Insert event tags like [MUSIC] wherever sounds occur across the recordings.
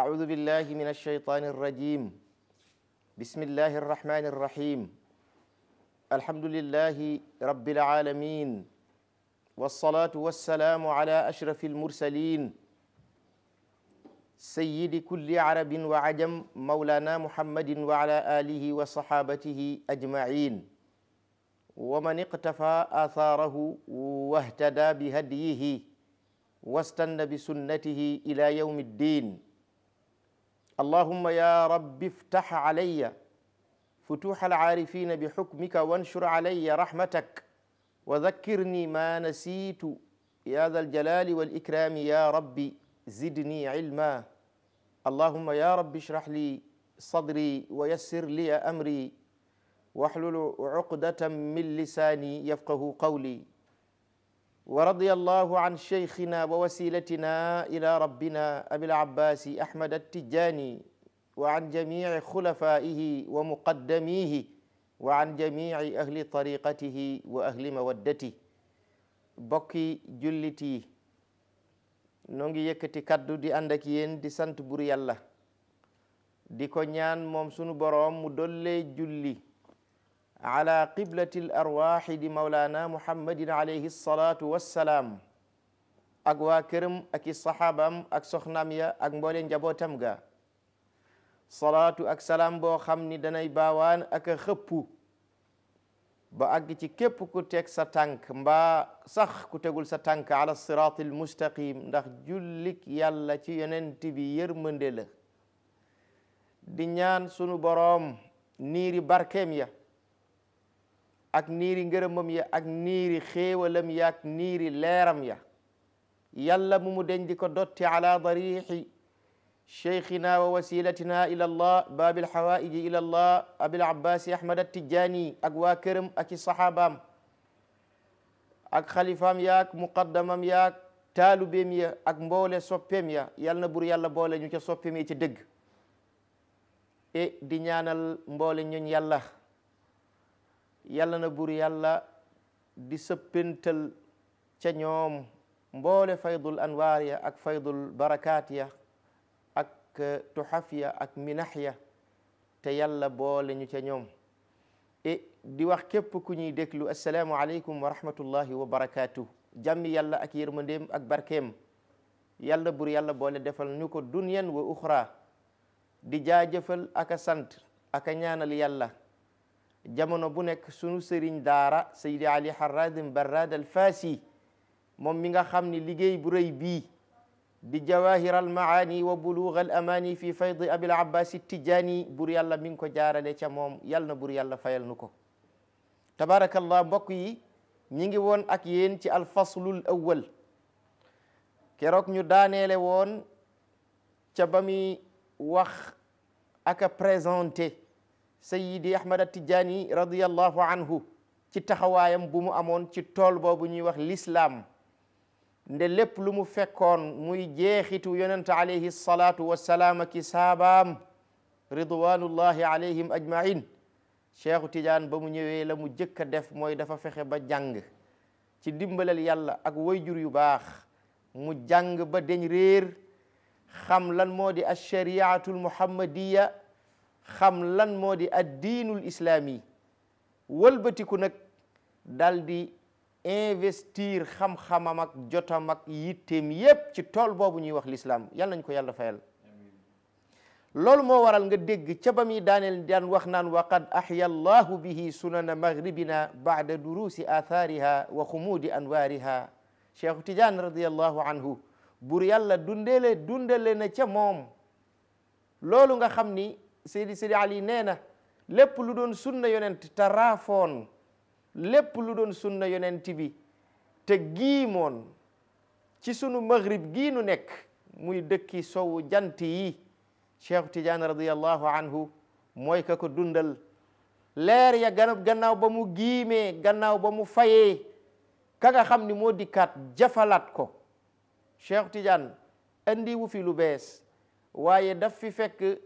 أعوذ بالله من الشيطان الرجيم بسم الله الرحمن الرحيم الحمد لله رب العالمين والصلاة والسلام على أشرف المرسلين سيد كل عرب وعجم مولانا محمد وعلى آله وصحابته أجمعين ومن اقتفى آثاره واهتدى بهديه واستنى بسنته إلى يوم الدين اللهم يا رب افتح علي فتوح العارفين بحكمك وانشر علي رحمتك وذكرني ما نسيت يا ذا الجلال والإكرام يا ربي زدني علما اللهم يا رب اشرح لي صدري ويسر لي أمري واحلل عقدة من لساني يفقه قولي ورضي الله عن شيخنا ووسيلتنا إلى ربنا أبي العباس أحمد التجاني وعن جميع خلفائه ومقدميه وعن جميع أهل طريقته وأهل مودته بكي جلتي yi يكتي كدو دي kaddu di ànd ak yéen di sant bur yàlla di ko على قبلة الأرواح di mawlaana muhammadin alayhi salaatu wassalaam ak waa këram ak i saxaabaam ak soxnaam ya ak mbooleen njabootam ga salaatu ak salaam boo xam ni danay baawaan ak a xëppu ba àgg ci képp ku teg sa tànk mbaa sax ku tegul sa tànk ala siraat al mustaqim ndax jullik yàlla ci yonent bi yërmande la di ñaan sunu boroom niiri barkeem ya ak niiri ngërëmam ya ak niiri xéewalam ya ak niiri leeram ya yàlla mu mu den di ko dotti ala dariixi شيخنا ووسيلتنا إلى الله باب الحوائج إلى الله أبي العباس أحمد التجاني أقوى كرم أكي صحابام أك خليفام ياك مقدمام ياك تالو بيميا أك مبولة سوبيم يا يالنا بور يالا بولة نيوكي سوبيم يتدق إيه دي نيانال مبولة نيون يالله yàlla na buur yàlla di sëppintal ca ñoom mboole faydul anwaar ya ak faydul barakaat ya ak eh, tuxaf ya ak minax ya te yàlla boole ñu ca ñoom e di wax képp ku ñuy déglu asalaamu aleykum wa rahmatullahi wa barakaatu jàmmi yàlla ak yërmandeem ak barkem yàlla bur yàlla boole defal ñu ko dunyan wa uxra di jaajëfal ak a sant ak a ñaanal yàlla jamono bu nek sunu serigne dara Seydi Ali harad Barrad al Fasi mom mi nga xamni ligey bu reuy bi di jawahir al maani wa bulugh al amani fi faydi abil abbas tijani bur yàlla mi ngi ko jaarale ca mom yalna bur yàlla fayal nuko ko tabarakallah mbok yi ñi ngi won ak yéen ci al awwal kérok ñu daanele won ca bami wax aka présenté sayidi ahmad attijaani radiallahu anhu ci taxawaayam bu mu amoon ci tool boobu ñuy wax lislaam nde lépp lu mu fekkoon muy jeexitu yonente alayhi salaatu wassalaam ki saabaam ridwanullahi alayhim ajmain cheikhu tidiane ba mu ñëwee la mu jëkk a def mooy dafa fexe ba jàng ci dimbalal yàlla ak wayjur yu baax mu jàng ba deñ réer xam lan moo di alchariatul muhammadiya xam lan moo di ad diinul islaami wëlbatiku nag dal di investir xam-xamam ak jotam ak yitteem yépp ci tool boobu ñuy wax lislaam yàlla nañ ko yàlla fayal loolu moo waral nga dégg ca ba muy daaneel daan wax naan wa qad ahya allahu bihi sunana maghribina bada durusi aathaariha wa xumuudi anwaariha cheikhu tidiane radiallahu anhu bur yàlla dundele dundele na ca moom loolu nga xam ni Seydi Seydi Ali nee na lépp lu doon sunna yonent te raafoon lépp lu doon sunna yonent bi te giimoon ci sunu maghrib gii nu nekk muy dëkki sowu jant yi Cheikh Tidiane radiyallahu anhu mooy ka ko dundal leer ya gannaaw ba mu giimee gannaaw ba mu fayee ka nga xam ni moo dikkaat jafalaat ko Cheikh Tidiane andi wu lu bees waaye daf fekk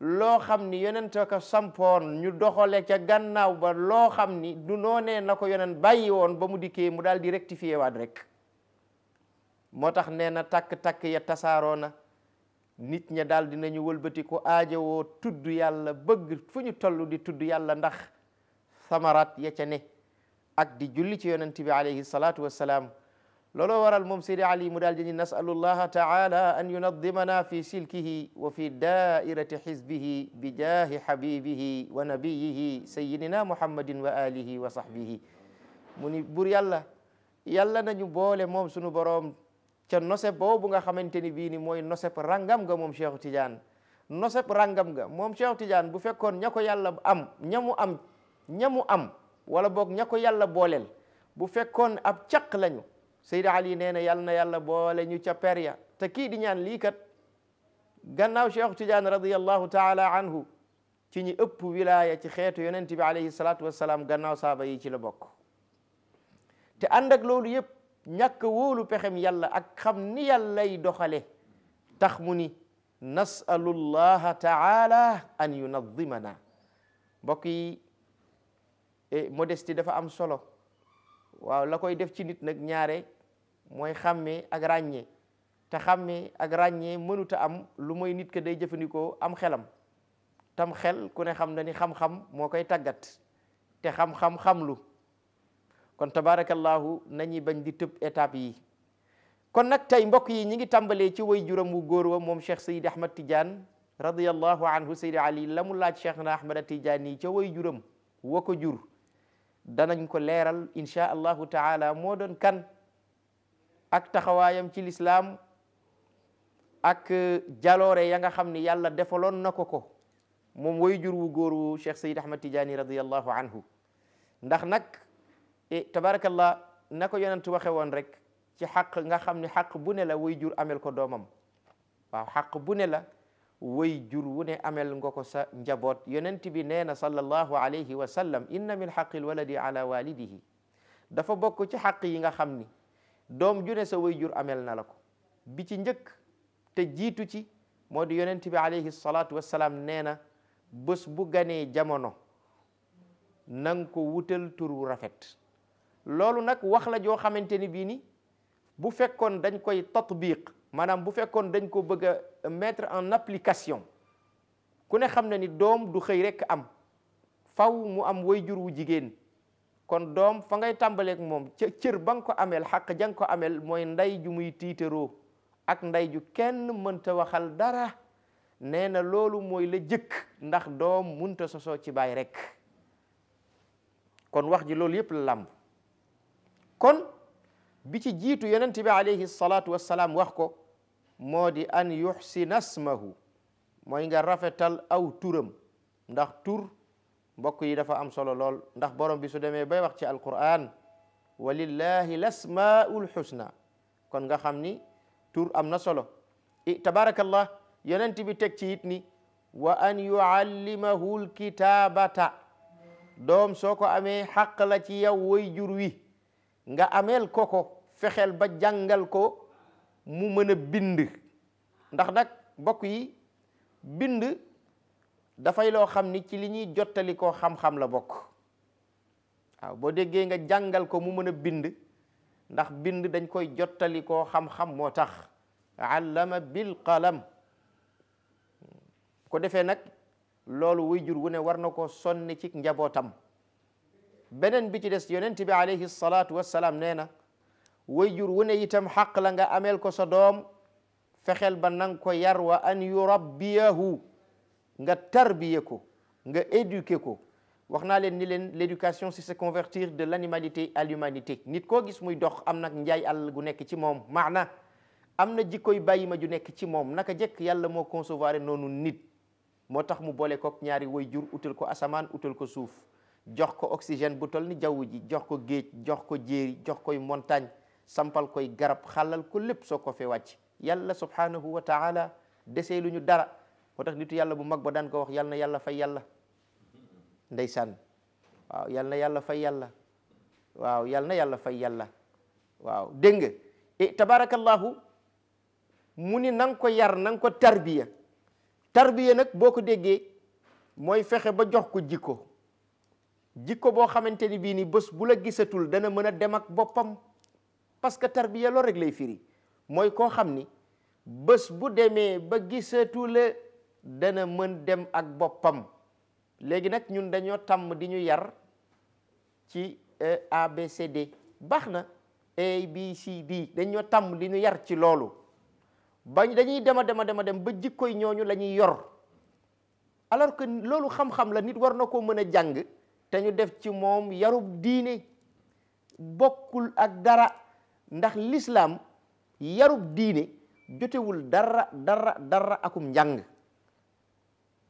loo xam ni yonent ko sampoon ñu doxale ca gannaaw ba loo xam ni du noonee na ko yonent bàyyi woon ba mu dikkee mu daal di rectifier waat rek moo tax nee na takk-takk ya tasaaroo na nit ña daal dinañu wëlbati ko aajowoo tudd yàlla bëgg fu ñu toll di tudd yàlla ndax samarat ya ca ne ak di julli ci yonent bi alayhi salaatu wassalaam لولا ورا الممسير علي مدال نسأل الله تعالى أن ينظمنا في سلكه وفي دائرة حزبه بجاه حبيبه ونبيه سيدنا محمد وآله وصحبه من بور يلا يلا نجو بول موم سنو بروم تن نصب بوبو بيني موي نصب رنغم غا موم شيخ تجان نصب رنغم غا موم شيخ تجان بفكون نيكو يلا أم نيمو أم نيمو أم ولا بوك نيكو يلا بولل بفكون أب تشق Seyda Ali nee na yàlla na yàlla boole ñu ca per ya te kii di ñaan lii kat gannaaw Cheikh Tidiane radiyallahu taala anhu ci ñi ëpp wilaya ci xeetu yonent bi alayhi salaatu wassalaam gannaaw saaba yi ci la bokk te ànd ak loolu yëpp ñàkk wóolu pexem yàlla ak xam ni yàllay doxale tax mu ni nasalu llaha taala an yunadimana mbokk yi modestie dafa am solo waaw la koy def ci nit nag ñaare mooy xàmmee ak ràññee te xàmmee ak ràññee mënuta am lu mooy nit ka day jëfandikoo am xelam tam xel ku ne xam na ni xam moo koy tàggat te xam-xam lu kon tabaarakallaahu nañuy bañ di tëb étape yi kon nag tey mbokk yi ñi ngi tàmbalee ci way juram wu góor wa moom cheikh sayid ahmad tidiane radiallahu anhu sayid ali la mu laaj cheikh na ahmad tidiane yi ca way juram wa ko jur danañ ko leeral insha allahu taala moo doon kan ak taxawaayam ci lislaam ak euh, jaloore ya nga xam ni yàlla defaloon na ko ko moom woy jur wu góor wu cheikh sayid ahmad tijaani radiallahu anhu ndax nag e, tabarakallah na ko yonent waxe woon rek ci xaq nga xam ni xaq bu ne la way jur ameel ko doomam waaw xaq bu ne la way jur wu ne amel nga ko sa njaboot yonent bi nee sallallahu alayhi wa sallam inna min xaqil waladi ala walidihi dafa bokk ci xaq yi nga xam ni ju ne sa way jur amel nalako la ko bi ci njëkk te jiitu ci moo di yonent bi alayhi salaatu wasalaam nee na bés bu ganee jamono na nga ko wutal tur wu rafet loolu nag wax la joo xamante ni ni bu fekkoon dañ koy tatbiq manam bu kon dañ ko bëgg euh, mettre en application ku ne xam na ni doom du xey rek am faw mu am wayjur wu jigen kon dom fa ngay ak mom ci cër bang ko amel haq jang ko amel moy nday ju muy titero ak nday ju kenn mënta waxal dara neena lolu moy la jëk ndax doom munta soso ci bay rek kon wax ji lolu yépp lamb kon bi ci jiitu yonent bi alayhi salaatu wassalaam wax ko moo di an yuxsina smahu mooy rafetal aw turam ndax tur mbokk yi dafa am solo lool ndax borom bi su demee bay wax ci alquran walillahi lasmaul xusna kon nga xam ni tur am na solo i tabarakallah yonent bi teg ci it ni wa an yuallimahu lkitabata doom soo ko amee xaq la ci yow woy jur wi nga ameel ko ko fexeel ba jàngal ko mu mën a bind ndax nag bokk yi bind dafay loo xam ni ci li ñuy jottali koo xam-xam la bokk boo déggee nga jàngal ko mu mën a bind ndax bind dañ koy jottali koo xam-xam moo tax allama bil qalam ko defee nag loolu jur wu ne war na koo sonne ci njabootam benen bi ci des yonent bi alayhi salaatu wassalaam nee na wayjur wu itam xaq la nga amel ko sa dom fexel ba nang ko yar wa an yurabbiyahu nga tarbiyeko nga éduquer waxna len ni len l'éducation c'est se convertir de l'animalité à l'humanité nit ko gis muy dox am nak njaay al gu nek ci mom makna amna na bayima ju nek ci mom naka jek yàlla mo concevoir nonu nit motax mu bolé kook ñaari wayjur outel ko asaman outel ko souf jox ko oxygène bu toll ni jaww ji jox ko géej jox ko jéeri jox koy montagne sampal koy garab xalal ko lépp soo ko fee wàcc yàlla subhanahu wa taala desee lu ñu dara moo tax nitu yàlla bu mag ba daan ko wax yal yàlla fay yàlla ndeysaan waaw yal yàlla fay yàlla waaw yal na yàlla fay yàlla waaw dégg nga e, tabarakallahu mu ni na ko yar na ko tarbiya tarbiya nag boo ko déggee mooy fexe ba jox ko jikko jikko boo xamante ni bii ni bés bu la gisatul dana mën a dem ak boppam parce que tarbiya loolu rek lay firi mooy koo xam ni bés bu demee ba gisatule dana mën dem ak boppam léegi nag ñun dañoo tàmm di ñu yar ci e, ABCD baax na ABCD dañoo tàmm di ñu yar ci loolu ba dañuy dema dema dema dem ba jikko yi ñooñu la ñuy yor alors que loolu xam-xam la nit war na koo mën a jàng te ñu def ci mom yarub diine bokul ak dara ndax l'islam yarub diine wul dara dara dara akum jang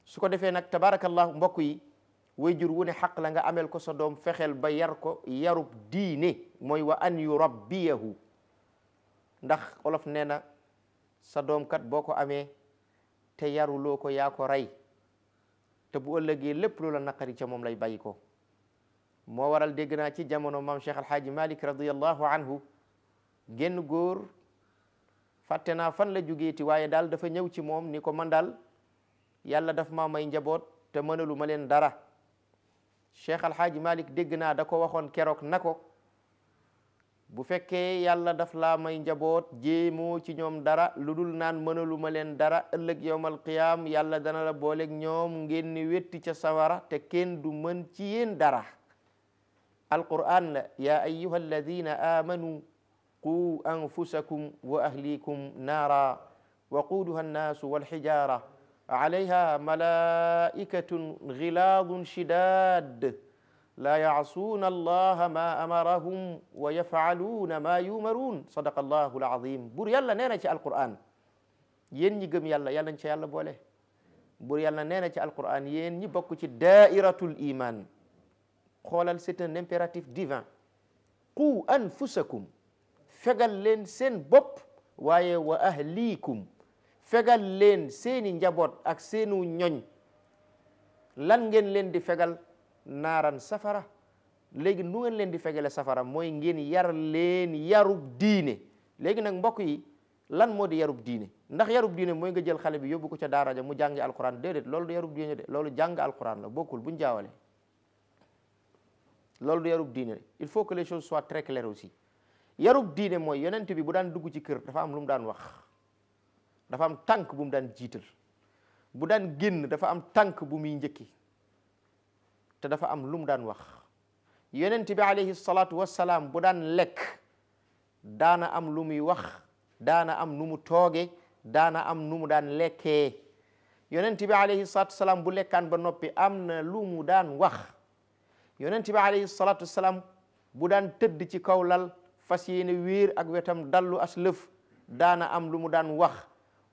su ko nak nag tabarakallahu mbokk yi wayjur wu ne la nga amel ko sa dom fexel ba yar ko yarub diine moy wa an yurabbiyahu ndax olof nee sa dom kat boko amé amee te yaruloo ko yaa ko ray te bu lepp lu la nakari ci mom lay bayiko moo waral dégg naa ci jamono maam Cheikh Alhaaji Malik radiallahu anhu genn góor fàtte naa fan la jógeeti waaye daal dafa ñëw ci moom ni ko man daal yàlla daf ma may njaboot te mënalu ma leen dara Cheikh Alhaaji Malik dégg naa da ko waxoon keroog na ko bu fekkee yàlla daf laa may njaboot jéemoo ci ñoom dara lu dul naan mënalu ma leen dara ëllëg yowmal qiyaam yàlla dana la booleeg ñoom ngeen ni wetti ca sawara te kenn du mën ci yéen dara القرآن يا أيها الذين آمنوا قوا أنفسكم وأهليكم نارا وقودها الناس والحجارة عليها ملائكة غلاظ شداد لا يعصون الله ما أمرهم ويفعلون ما يؤمرون صدق الله العظيم بور يلا nee القرآن ci alquran يلا يلا gëm yàlla yàlla nañ ca yàlla boole buur yàlla nee na xoolal c'est un impératif divin qu anfusakum fegal leen seen bopp waaye wa ahliikum fegal leen seeni njaboot ak seenu ñoñ lan ngeen leen di fegal naaran safara léegi nu ngeen leen di fegale safara mooy ngeen yar leen yarub diine léegi nag mbokk yi lan moo di yarub diine ndax yarub diine mooy nga jël xale bi yóbbu ko ca daara ja mu jàngi alquran déedéet loolu du yarub diine loolu jàng alquran la bokkul buñ jaawale loolu du yarub diine il faut que les choses soient très claires aussi yarub diine mooy yonent bi bu daan dugg ci kër dafa am lu mu daan wax dafa am tànk bu mu daan jiital bu daan génn dafa am tànk bu muy njëkki te dafa am lu mu daan wax yonent bi alayhi salaatu bu daan lekk daana am lu muy wax daana am nu mu tooge daana am nu mu daan lekkee yonent bi alayhi salaatu bu lekkaan ba noppi am na lu mu daan wax yonent bi alayhi salatu wassalam bu daan tëdd ci kaw lal fasiyene wir ak wetam dallu as leuf dana am lu mu dan wax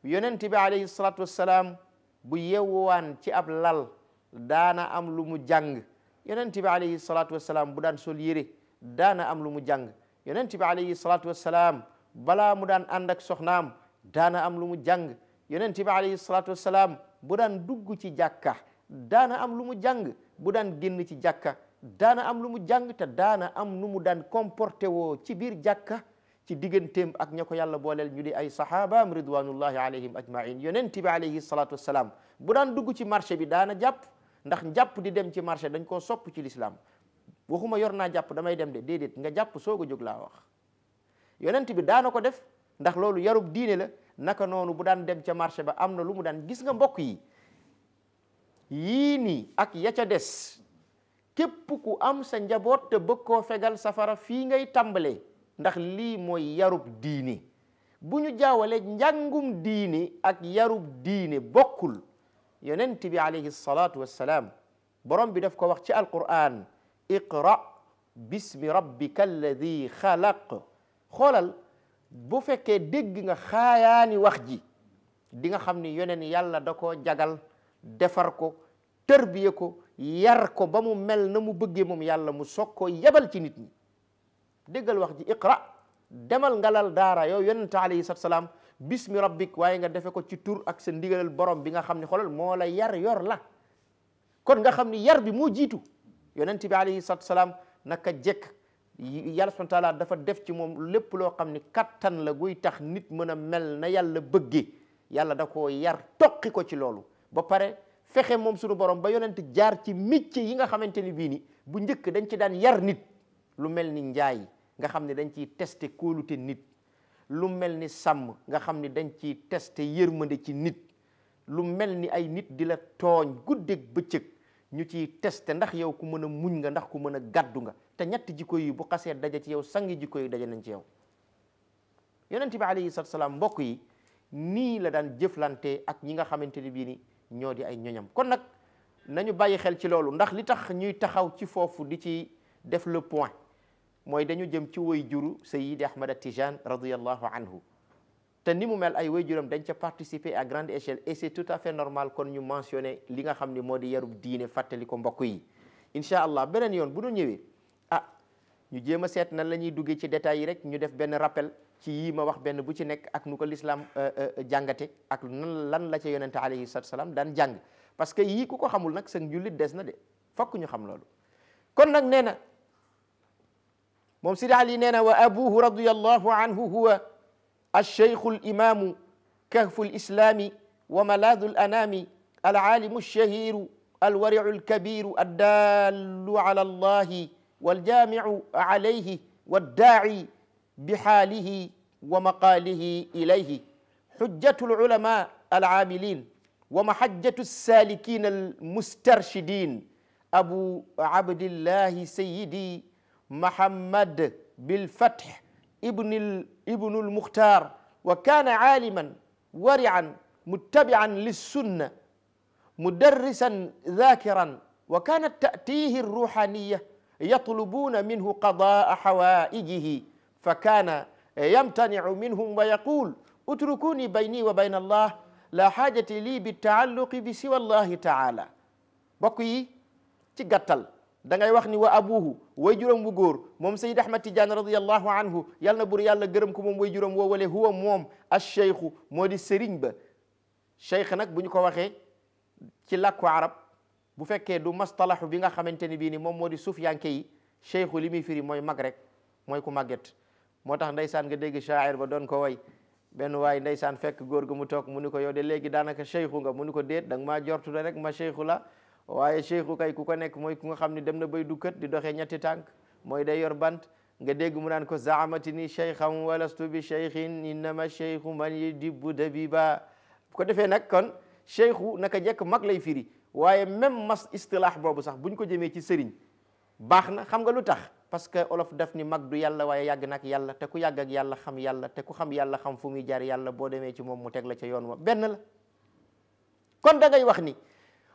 yonent bi alayhi salatu wassalam bu yewuan ci ab lal dana am lu mu tiba yonent bi alayhi salatu wassalam bu daan sol yere dana am lu mu jang yonent bi alayhi salatu wassalam bala mu dan andak soxnam dana am lu mu jang yonent bi alayhi salatu wassalam bu dugg ci jakka dana am lu mu jang bu ci jakka daana am lu mu jàng daana am nu mu daan comporté woo ci biir jàkka ci digganteem ak ña ko yàlla booleel ñu di ay sahabaam ridwanullahi alayhim ajmain yonent bi alayhi salatu wassalam bu daan dugg ci marché bi daana jàpp ndax njàpp di dem ci marché dañ koo sopp ci lislaam waxuma yor naa jàpp damay dem de déedéet nga jàpp soog a jóg laa wax yonent bi daana ko def ndax loolu yarub diine la naka noonu bu daan dem ca marché ba am na lu mu daan gis nga mbokk yi yii nii ak ya ca des képp ku am sa njaboot te bëgg koo fegal safara fii ngay tàmbalee ndax lii mooy yarub diini bu ñu jaawale njàngum diini ak yarub diine bokkul yonent bi alayhi salaatu wassalaam borom bi daf ko wax ci alquran iqra bismi rabbika alladi xalaq xoolal bu fekkee dégg nga xaayaani wax ji di xam ni yoneen yàlla da koo jagal defar ko tërbiye ko yar ko ba mu mel na mu bëggee moom yàlla mu soog koo yebal ci nit ñi déggal wax ji iqra demal ngalal daara yow yonent alayhi salaatu salaam bismi rabbik waaye nga defe ko ci tur ak sa ndigalal borom bi nga xam ne xoolal moo la yar yor la kon nga xam ni yar bi moo jiitu yonent bi alayhi salaatu salaam naka jekk yàlla dafa def ci moom lépp loo xam ni kattan la guy tax nit mën a mel na yàlla bëggee yàlla da koo yar toqi ko ci loolu ba fexe moom sunu borom ba yonent jaar ci métier yi nga xamante ni bii ni bu njëkk dañ ci daan yar nit lu mel ni njaay nga xam ne dañ ciy testé kóolute nit lu mel ni sàmm nga xam ne dañ ci testé yërmande ci nit lu mel ni ay nit di la tooñ guddeeg bëccëg ñu ciy teste ndax yow ku mën a muñ nga ndax ku mën a gàddu nga te ñett jikko yi bu xasee daje ci yow sangi jikko yi daje nañ ci yow yonent bi alayhi salaatu salaam mbokk yi nii la daan jëflante ak ñi nga xamante ni bii ni ñoo di ay ñoñam kon nag nañu bàyyi xel ci loolu ndax li tax ñuy taxaw ci foofu di ci def le point mooy dañu jëm ci way juru Sayyidi Ahmad Tijan radiyallahu anhu te ni mu mel ay way juram dañ ca participer à grande échelle et c'est tout à fait normal kon ñu mentionné li nga xam ni moo di yarub diine fàttali ko mbokk yi incha allah beneen yoon bu nu ñëwee ah ñu jéem a seet nan la ñuy duggee ci détails yi rek ñu def benn rappel ci yii ma wax benn bu ci nekk ak nu ko lislaam euh, euh, jàngate ak nan lan la ca yonente alayhi salaatu salaam daan jàng parce que yii ku ko xamul nag seen jullit des na de fokk ñu xam loolu kon nag nee na moom Sidi Ali nee wa abuhu radiyallahu anhu huwa alcheikhu alimamu kahfu alislami wa malaadu alanami alcaalimu alchahiru alwariu alkabiru addallu ala allahi waljaamiu alayhi waddaaci بحاله ومقاله اليه حجه العلماء العاملين ومحجه السالكين المسترشدين ابو عبد الله سيدي محمد بالفتح ابن ابن المختار وكان عالما ورعا متبعا للسنه مدرسا ذاكرا وكانت تاتيه الروحانيه يطلبون منه قضاء حوائجه فكان يمتنع منهم ويقول اتركوني بيني وبين الله لا حاجة لي بالتعلق بسوى الله تعالى بقي تقتل دعاي وخني وأبوه ويجرم بجور مم سيد أحمد تجان رضي الله عنه يلنا بور يلا جرمكم ويجرم ووله هو مم الشيخ مودي سرينب شيخناك بني كواخي كلا كعرب bu fekkee du mastalax bi nga xamante ni bii ni moom moo di suuf yankee yi cheikhu li muy firi mooy mag rek mooy ku màgget moo tax ndeysaan nga dégg shaa'ir ba doon ko way benn waay ndeysaan fekk góor gu mu toog mu ni ko yow de léegi daanaka cheikhu nga mu ni ko déet da nga maa jortu rek ma cheikhu la waaye cheikhu kay ku ko nekk mooy ku nga xam ne dem na bay dukkat di doxee ñetti tànk mooy day yor bant nga dégg mu naan ko zaamati ni cheikhan walastu bi cheikhin innama cheikhu man yudibbu dabiba bu ko defee nag kon cheikhu naka jekk mag lay firi waaye même mas istilaax boobu sax buñ ko jëmee ci sëriñ baax na xam nga lu tax parce que olof daf ni mag du yàlla waaye yàgg nag yàlla te ku yàgg ak yàlla xam yàlla te xam yàlla xam fu muy jaar yàlla boo demee ci moom mu teg la ca yoon wa benn la kon da ngay wax ni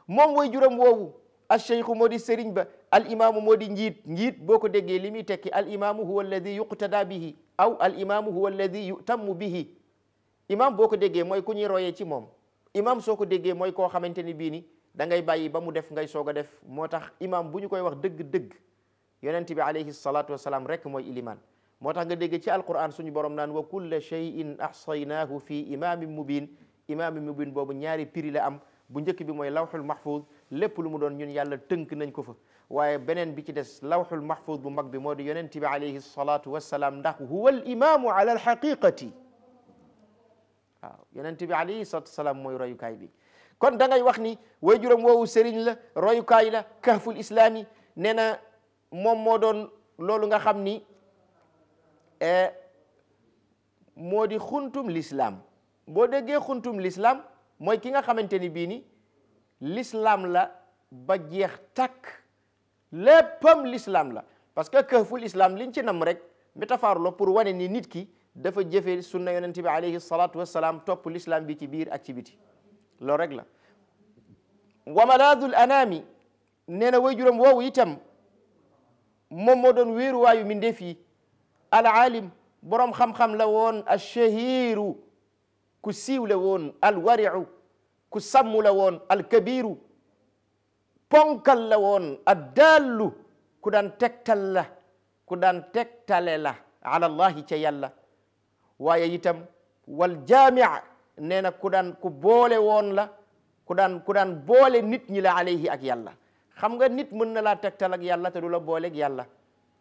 moom way juróom woowu al cheikhu moo di sëriñ ba al imaamu moo di njiit njiit boo ko déggee li muy tekki al imaamu huwa alladi yuqtada bihi aw al imaamu huwa alladi yutamu bihi imaam boo ko déggee mooy ku ñuy ci moom imaam soo ko déggee mooy koo xamante ni bii ni da bàyyi ba mu def ngay soog a def moo tax imaam bu ñu koy wax dëgg yonentibi alayhi salatu wassalam rek moy iliman motax nga dégg ci alquran suñu borom nan wa kullu shay'in ahsaynahu fi imamin mubin imam mubin bobu ñaari piri la am bu njëkk bi moy lawhul mahfuz lépp lu mu doon ñun yàlla teunk nañ ko fa waye benen bi ci dess lawhul mahfuz bu mag bi modi yonentibi alayhi salatu wassalam ndax huwa al imaamu ala alxaqiqati waaw yonent bi alayhi salaatu wasalaam mooy bi kon da ngay wax ni wayjuram wowo woowu la royu kay la kahful islami nee mom mo don lolou nga xamni euh modi khuntum l'islam bo dege khuntum l'islam moy ki nga xamanteni bi ni l'islam la ba jeex tak léppam l'islam la parce que keuful l'islam liñ ci nam rek métaphore lo pour wane ni nit ki dafa jëfe sunna yonnati bi alayhi salatu wassalam top l'islam bi ci bir ak ci biti loolu rek la wamaladul anami anaami nee na way juróom woowu itam moom moo doon wéeruwaayu mi ndeef yi al alim boroom xam-xam la woon al shahiru ku siiw la woon al wariu ku sàmm la woon al kabiru ponkal la woon ad dallu ku daan tegtal la ku daan tegtale la ala allahi ca yàlla waaye itam wal jaamia nee ku daan ku boole la ku daan ku daan boole nit ñi la alayhi ak yàlla xam nga nit mën na laa tegtal ak yàlla te du la booleeg yàlla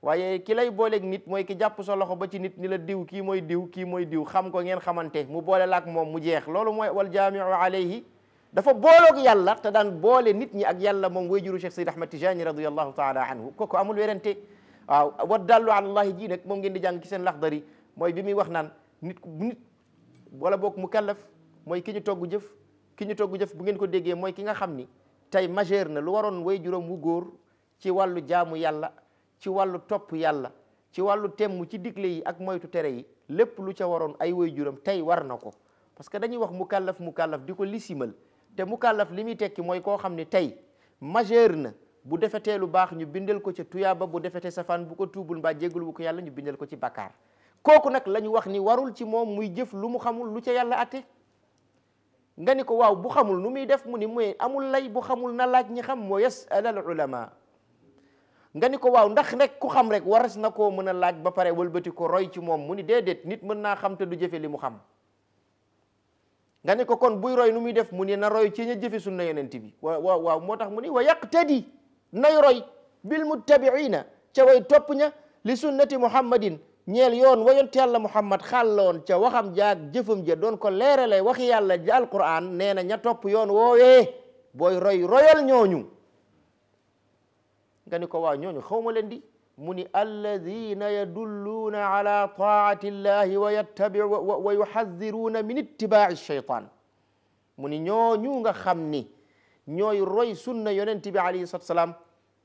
waaye ki booleek nit mooy ki jàpp sa loxo ba ci nit ni la diw kii mooy diw kii mooy diw xam ko ngeen xamante mu boole la ak moom mu jeex loolu mooy wal jaamiu alayhi dafa booloog yàlla te daan boole nit ñi ak yàlla moom way juru Cheikh Sidi Ahmad Tijani radiyallahu taala anhu kooku amul werante waaw wa dallu alallahi ji nag moom ngeen di jàng ci seen laxdari mooy bi muy wax naan nit nit wala boog mukallaf mooy ki ñu togg jëf ki ñu togg jëf bu ngeen ko déggee mooy ki nga xam ni tey majeur na lu waroon way juróom wu góor ci wàllu jaamu yàlla ci wàllu topp yàlla ci wàllu temm ci digle yi ak moytu tere yi lépp lu ca waroon ay way juróom tey war na ko parce que dañuy wax mu mukallaf mukallaf di ko lisimal te mukallaf li muy tekki mooy koo xam ne tey majeur na bu defetee lu baax ñu bindal ko ca tuyaaba bu defetee safaan bu ko tuubul mbaa jéggul bu ko yàlla ñu bindal ko ci bakkaar kooku nag la ñu wax ni warul ci moom muy jëf lu mu xamul lu ca yàlla atte nga ni ko waaw bu xamul nu muy def mu ni muy amul lay bu xamul na laaj ñi xam moo yasal al nga ni ko waaw ndax rek ku xam rek waras na koo mën a laaj ba pare wëlbati ko roy ci moom mu ni déedéet nit mën naa xam te du jëfe li mu xam nga ni ko kon buy roy nu muy def mu ni na roy ci ña jëfe sunna yonent bi wa waaw moo tax mu ni wa yaqtadi nay roy bil muttabiina ca way topp ña li sunnati muhammadin ñeel yoon wa yonent yàlla muhammad xàlloon ca waxam jaag jëfam ja doon ko leerale waxi yàlla ji alquran nee na ña topp yoon woowee booy roy royal ñooñu nga ni ko waaw ñooñu leen di mu ni alladina yadulluuna ala taati illahi wa yattabiu wa yuxadiruuna min ittibaai shaytaan mu ni ñooñu nga xam ni ñooy roy sunna yonent bi alayhi salaatu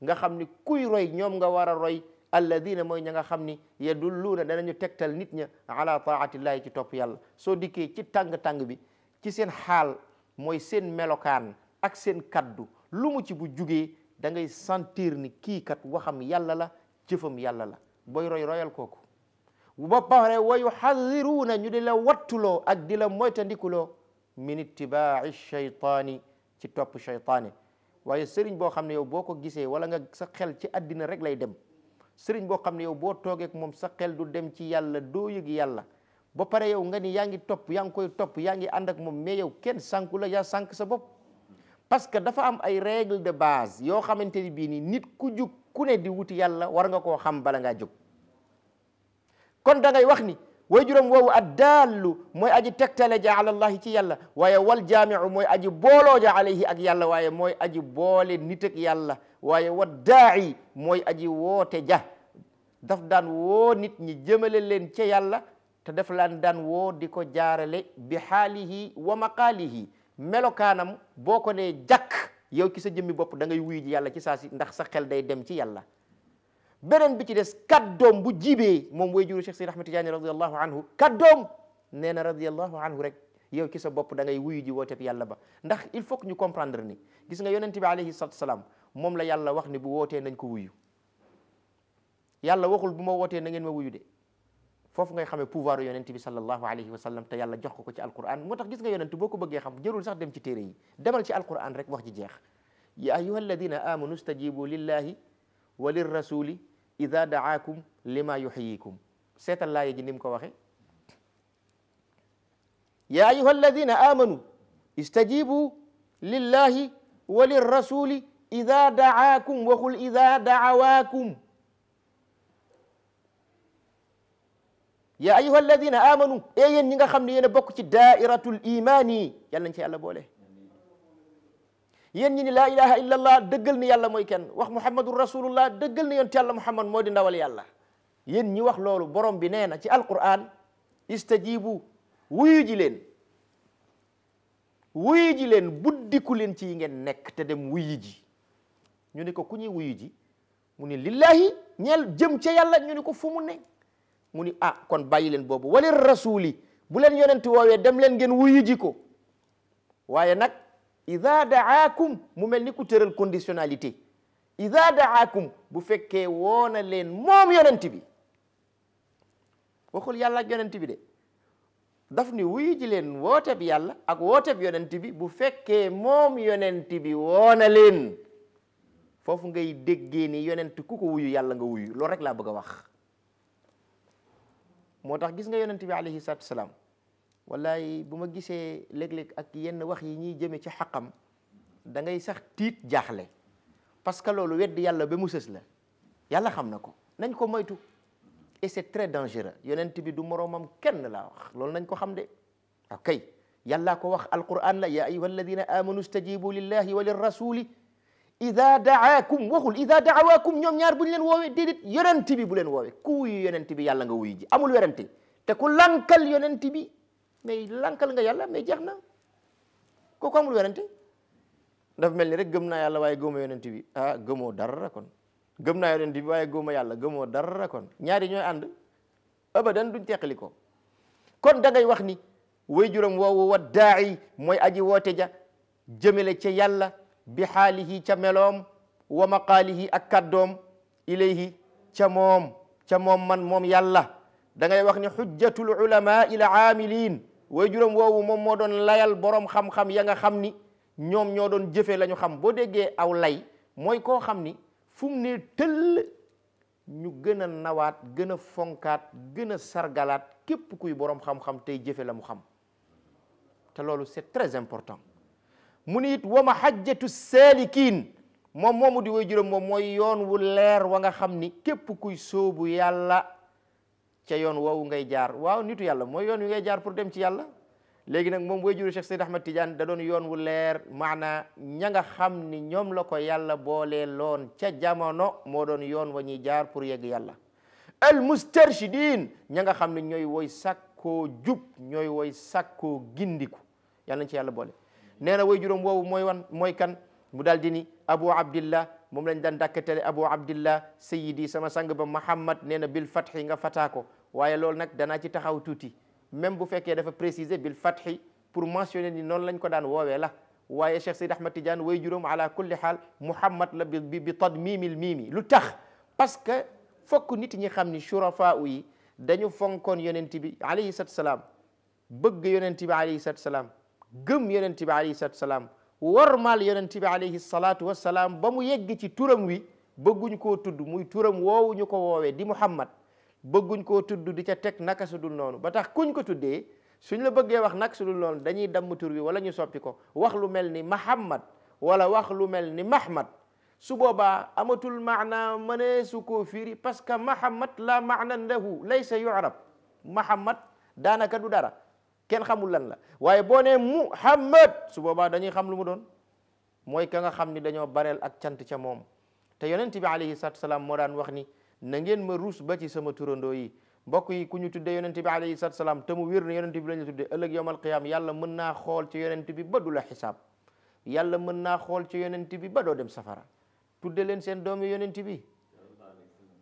nga xam ni kuy roy ñoom nga war a roy alladina mooy ña nga xam ni yadulluuna ñu tegtal nit ña ala taatillahi ci topp yàlla soo dikkee ci tàng-tàng bi ci seen xaal mooy seen melokaan ak seen kaddu lu mu ci bu jugee da ngay sentir ni kii kat waxam yàlla la jëfam yàlla la booy roy royal kooku ba pare wa yuxadiruuna ñu di la wattuloo ak di la moytandikuloo min ittibaai cheytaani ci topp cheytaani waaye sëriñ boo xam ne yow boo ko gisee wala nga sa xel ci àddina rek lay dem sëriñ boo xam ne yow boo toogeek moom sa xel du dem ci yàlla doo yëg yàlla ba pare yow nga ni yaa ngi topp yaa ngi koy topp yaa ngi ànd moom mais yow kenn sànku la yaa sànk sa bopp parce que dafa am ay règle de base yoo xamante ni bii nii nit ku jug ku ne di wuti yàlla war nga koo xam bala ngaa jóg kon da wax ni way juram juróom woowu addaallu mooy aji tegtale ja alallahi ci yàlla waaye wal jaamiu mooy aji booloo ja alayhi ak yàlla waaye mooy aji boole nit ak yàlla waaye wa daa'i mooy aji woote ja daf daan woo nit ñi jëmale leen ca yàlla te daf lan daan woo di ko jaarale bi xaalihi wa maqaalihi melokaanam boo ko nee jàkk yow ci sa jëmmi bopp da ngay wuyu ji yàlla ci saa si ndax sa xel day dem ci yàlla beneen bi ci des kaddoom bu jibee moom way juru Cheikh Seydi Ahmed Tidiane radiallahu anhu kaddoom nee na radiallahu anhu rek yow ci sa bopp dangay ngay wuyu ji wooteeb yàlla ba ndax il faut que ñu comprendre ni gis nga yonent bi alayhi salatu salaam moom la yàlla wax ni bu wootee nañ ko wuyu yàlla waxul bu ma wootee na ngeen ma wuyu de foofu ngay xamee pouvoir yonent bi sallallahu alayhi wa sallam te yàlla jox ko ko ci alquran moo tax gis nga yonent boo ko bëggee xam jërul sax dem ci téere yi demal ci alquran rek wax ji jeex ya ayuha alladina amanu stajibu lillahi وللرسول إذا دعاكم لما يحييكم سيت الله يجنم يا أيها الذين آمنوا استجيبوا لله وللرسول إذا دعاكم وقل إذا دعواكم يا أيها الذين آمنوا أي إيه نيغا خامني ين بوك دائرة الإيمان يالا نتي الله بوله Yen ñi ni la ilaha illallah deggal ni yalla moy kenn wax muhammadur rasulullah deggal ni yent yalla muhammad modi ndawal Yen yen ñi wax lolu borom bi neena ci alquran istajibu wuyu ji len wuyu ji len buddiku len ci ngeen nek te dem wuyu ji ñu ni ko ku ñi wuyu ji mu ni lillahi ñel jëm ci yalla ñu ni ko fu mu ne mu ni ah kon bayilin len bobu wali rasuli bu len yonent woowee dem len ngeen wuyu ji ko waye nak ida daakum mu mel ni ku tëral conditionnalité ida daakum bu fekkee woona leen moom yonent bi waxul yàlla ak yonent bi de daf ni wuyu ji leen woo bi yàlla ak woote bi yonent bi bu fekkee moom yonent bi woona leen foofu ngay déggee ni yonent ku ko wuyu yàlla nga wuyu loolu rek laa bëgg a wax moo tax gis nga yonent bi alayhi salam wallaay bu ma gisee léeg-léeg ak yenn wax yi ñuy jëme ci xaqam da ngay sax tiit jaaxle parce que loolu weddi yàlla ba mu sës la yàlla xam na nañ ko moytu et c'est très dangereux yonent bi du moromam kenn la wax loolu nañ ko xam de ok yalla ko wax alquran la ya ayyuhal alladina amanu stajibu lillahi walir rasuli idha daakum wa khul idha da'awakum ñom ñaar buñ ñu leen woowee déedéet yonent bi bu leen wowe ku yonent bi yàlla nga wuy ji amul werante te ku lankal yonent bi mais lankal nga yàlla mais jeex na kooku amul werante dafa mel ni rek gëm naa yàlla waaye gëmoo yonent bi ah, gëmoo dara kon gëm naa yonent bi waaye gëmoo yàlla gëmoo dara kon ñaari ñooy ànd abadan duñ teqali ko kon da ngay wax ni way wa daa'i mooy aji woote ja jëmele ca yàlla bi xaalihi ca meloom wa maqaalihi ak kaddoom ilayhi ca moom ca moom man moom yàlla da ngay wax ni xujjatul ulama il aamilin way juróom woowu moom moo doon layal borom xam-xam ya nga xam ni ñoom ñoo doon jëfee lañu xam boo déggee aw lay mooy koo xam ni fum ne tëll ñu gën a nawaat gën a fonkaat gën a sargalaat képp kuy boroom xam-xam tey jëfe la mu xam te loolu c'est très important mu ni it wa ma xajjatu saalikiin moom moomu di way juróom moom mooy yoon wu leer wa nga xam ni képp kuy soobu yàlla ca yoon woowu ngay jaar waaw nitu yàlla mooy yoon wi ngay jaar pour dem ci yàlla léegi nag moom wayjuru Cheikh Seydi Ahmad Tidiane da doon yoon wu leer maana ña nga xam ni ñoom la ko yàlla boolee loon ca jamono moo doon yoon wa ñuy jaar pour yegg yàlla al mustarshidin ña nga xam ni ñooy woy sakkoo jub ñooy woy sakko gindiku yàlla ci yàlla boole nee na wajuram woowu mooy wan mooy kan mu daal di ni abu Abdullah, moom lañ daan dàkkatale abu abdillah sayyidi sama sang ba Muhammad nee na bil fathi nga Fatako. waye lol nak dana ci taxaw touti même bu fekke dafa préciser bil fathi pour mentionner ni non lañ ko daan wowe la waye Cheikh Seydi ahmed Tidiane way jurom ala kulli hal Muhammad la bi bi tadmim al mim lu tax parce que fokk nit ñi xamni shurafa yi dañu fonkon yonent bi alayhi salaatu salaam bëgg yonent bi alayhi salaatu salaam gëm yonent bi alayhi salaatu salaam warmaal yonent bi alayhi salatu wassalam ba mu yegg ci turam wi bëgguñ ko tudd muy turam woowu ñu ko woowee di Muhammad bëgguñ koo tudd di ca teg naka su dul noonu ba tax kuñ ko tuddee suñ la bëggee wax naka su dul noonu dañuy damm tur wi wala ñu soppi ko wax lu mel ni Mahammad wala wax lu mel ni Mahmad su boobaa amatul maana mënee su koo firi parce que Mahammad la maana lahu laysa yu'rab Mahammad daanaka du dara kenn xamul lan la waaye boo nee Muhammad su boobaa dañuy xam lu mu doon mooy ka nga xam ni dañoo bareel ak cant ca moom te yonent bi alayhi salaatu salaam moo daan wax ni na ngeen ma ruus ba ci sama turandoo yi mbokk yi ku ñu tuddee yonente bi alayhi salatu salaam te mu wér ne yonente bi la ñu tuddee ëllëg yowmal qiyaam yàlla mën naa xool ci yonente bi ba du la xisaab yàlla mën naa xool ci yonente bi ba doo dem safara tudde leen seen doomi yonente bi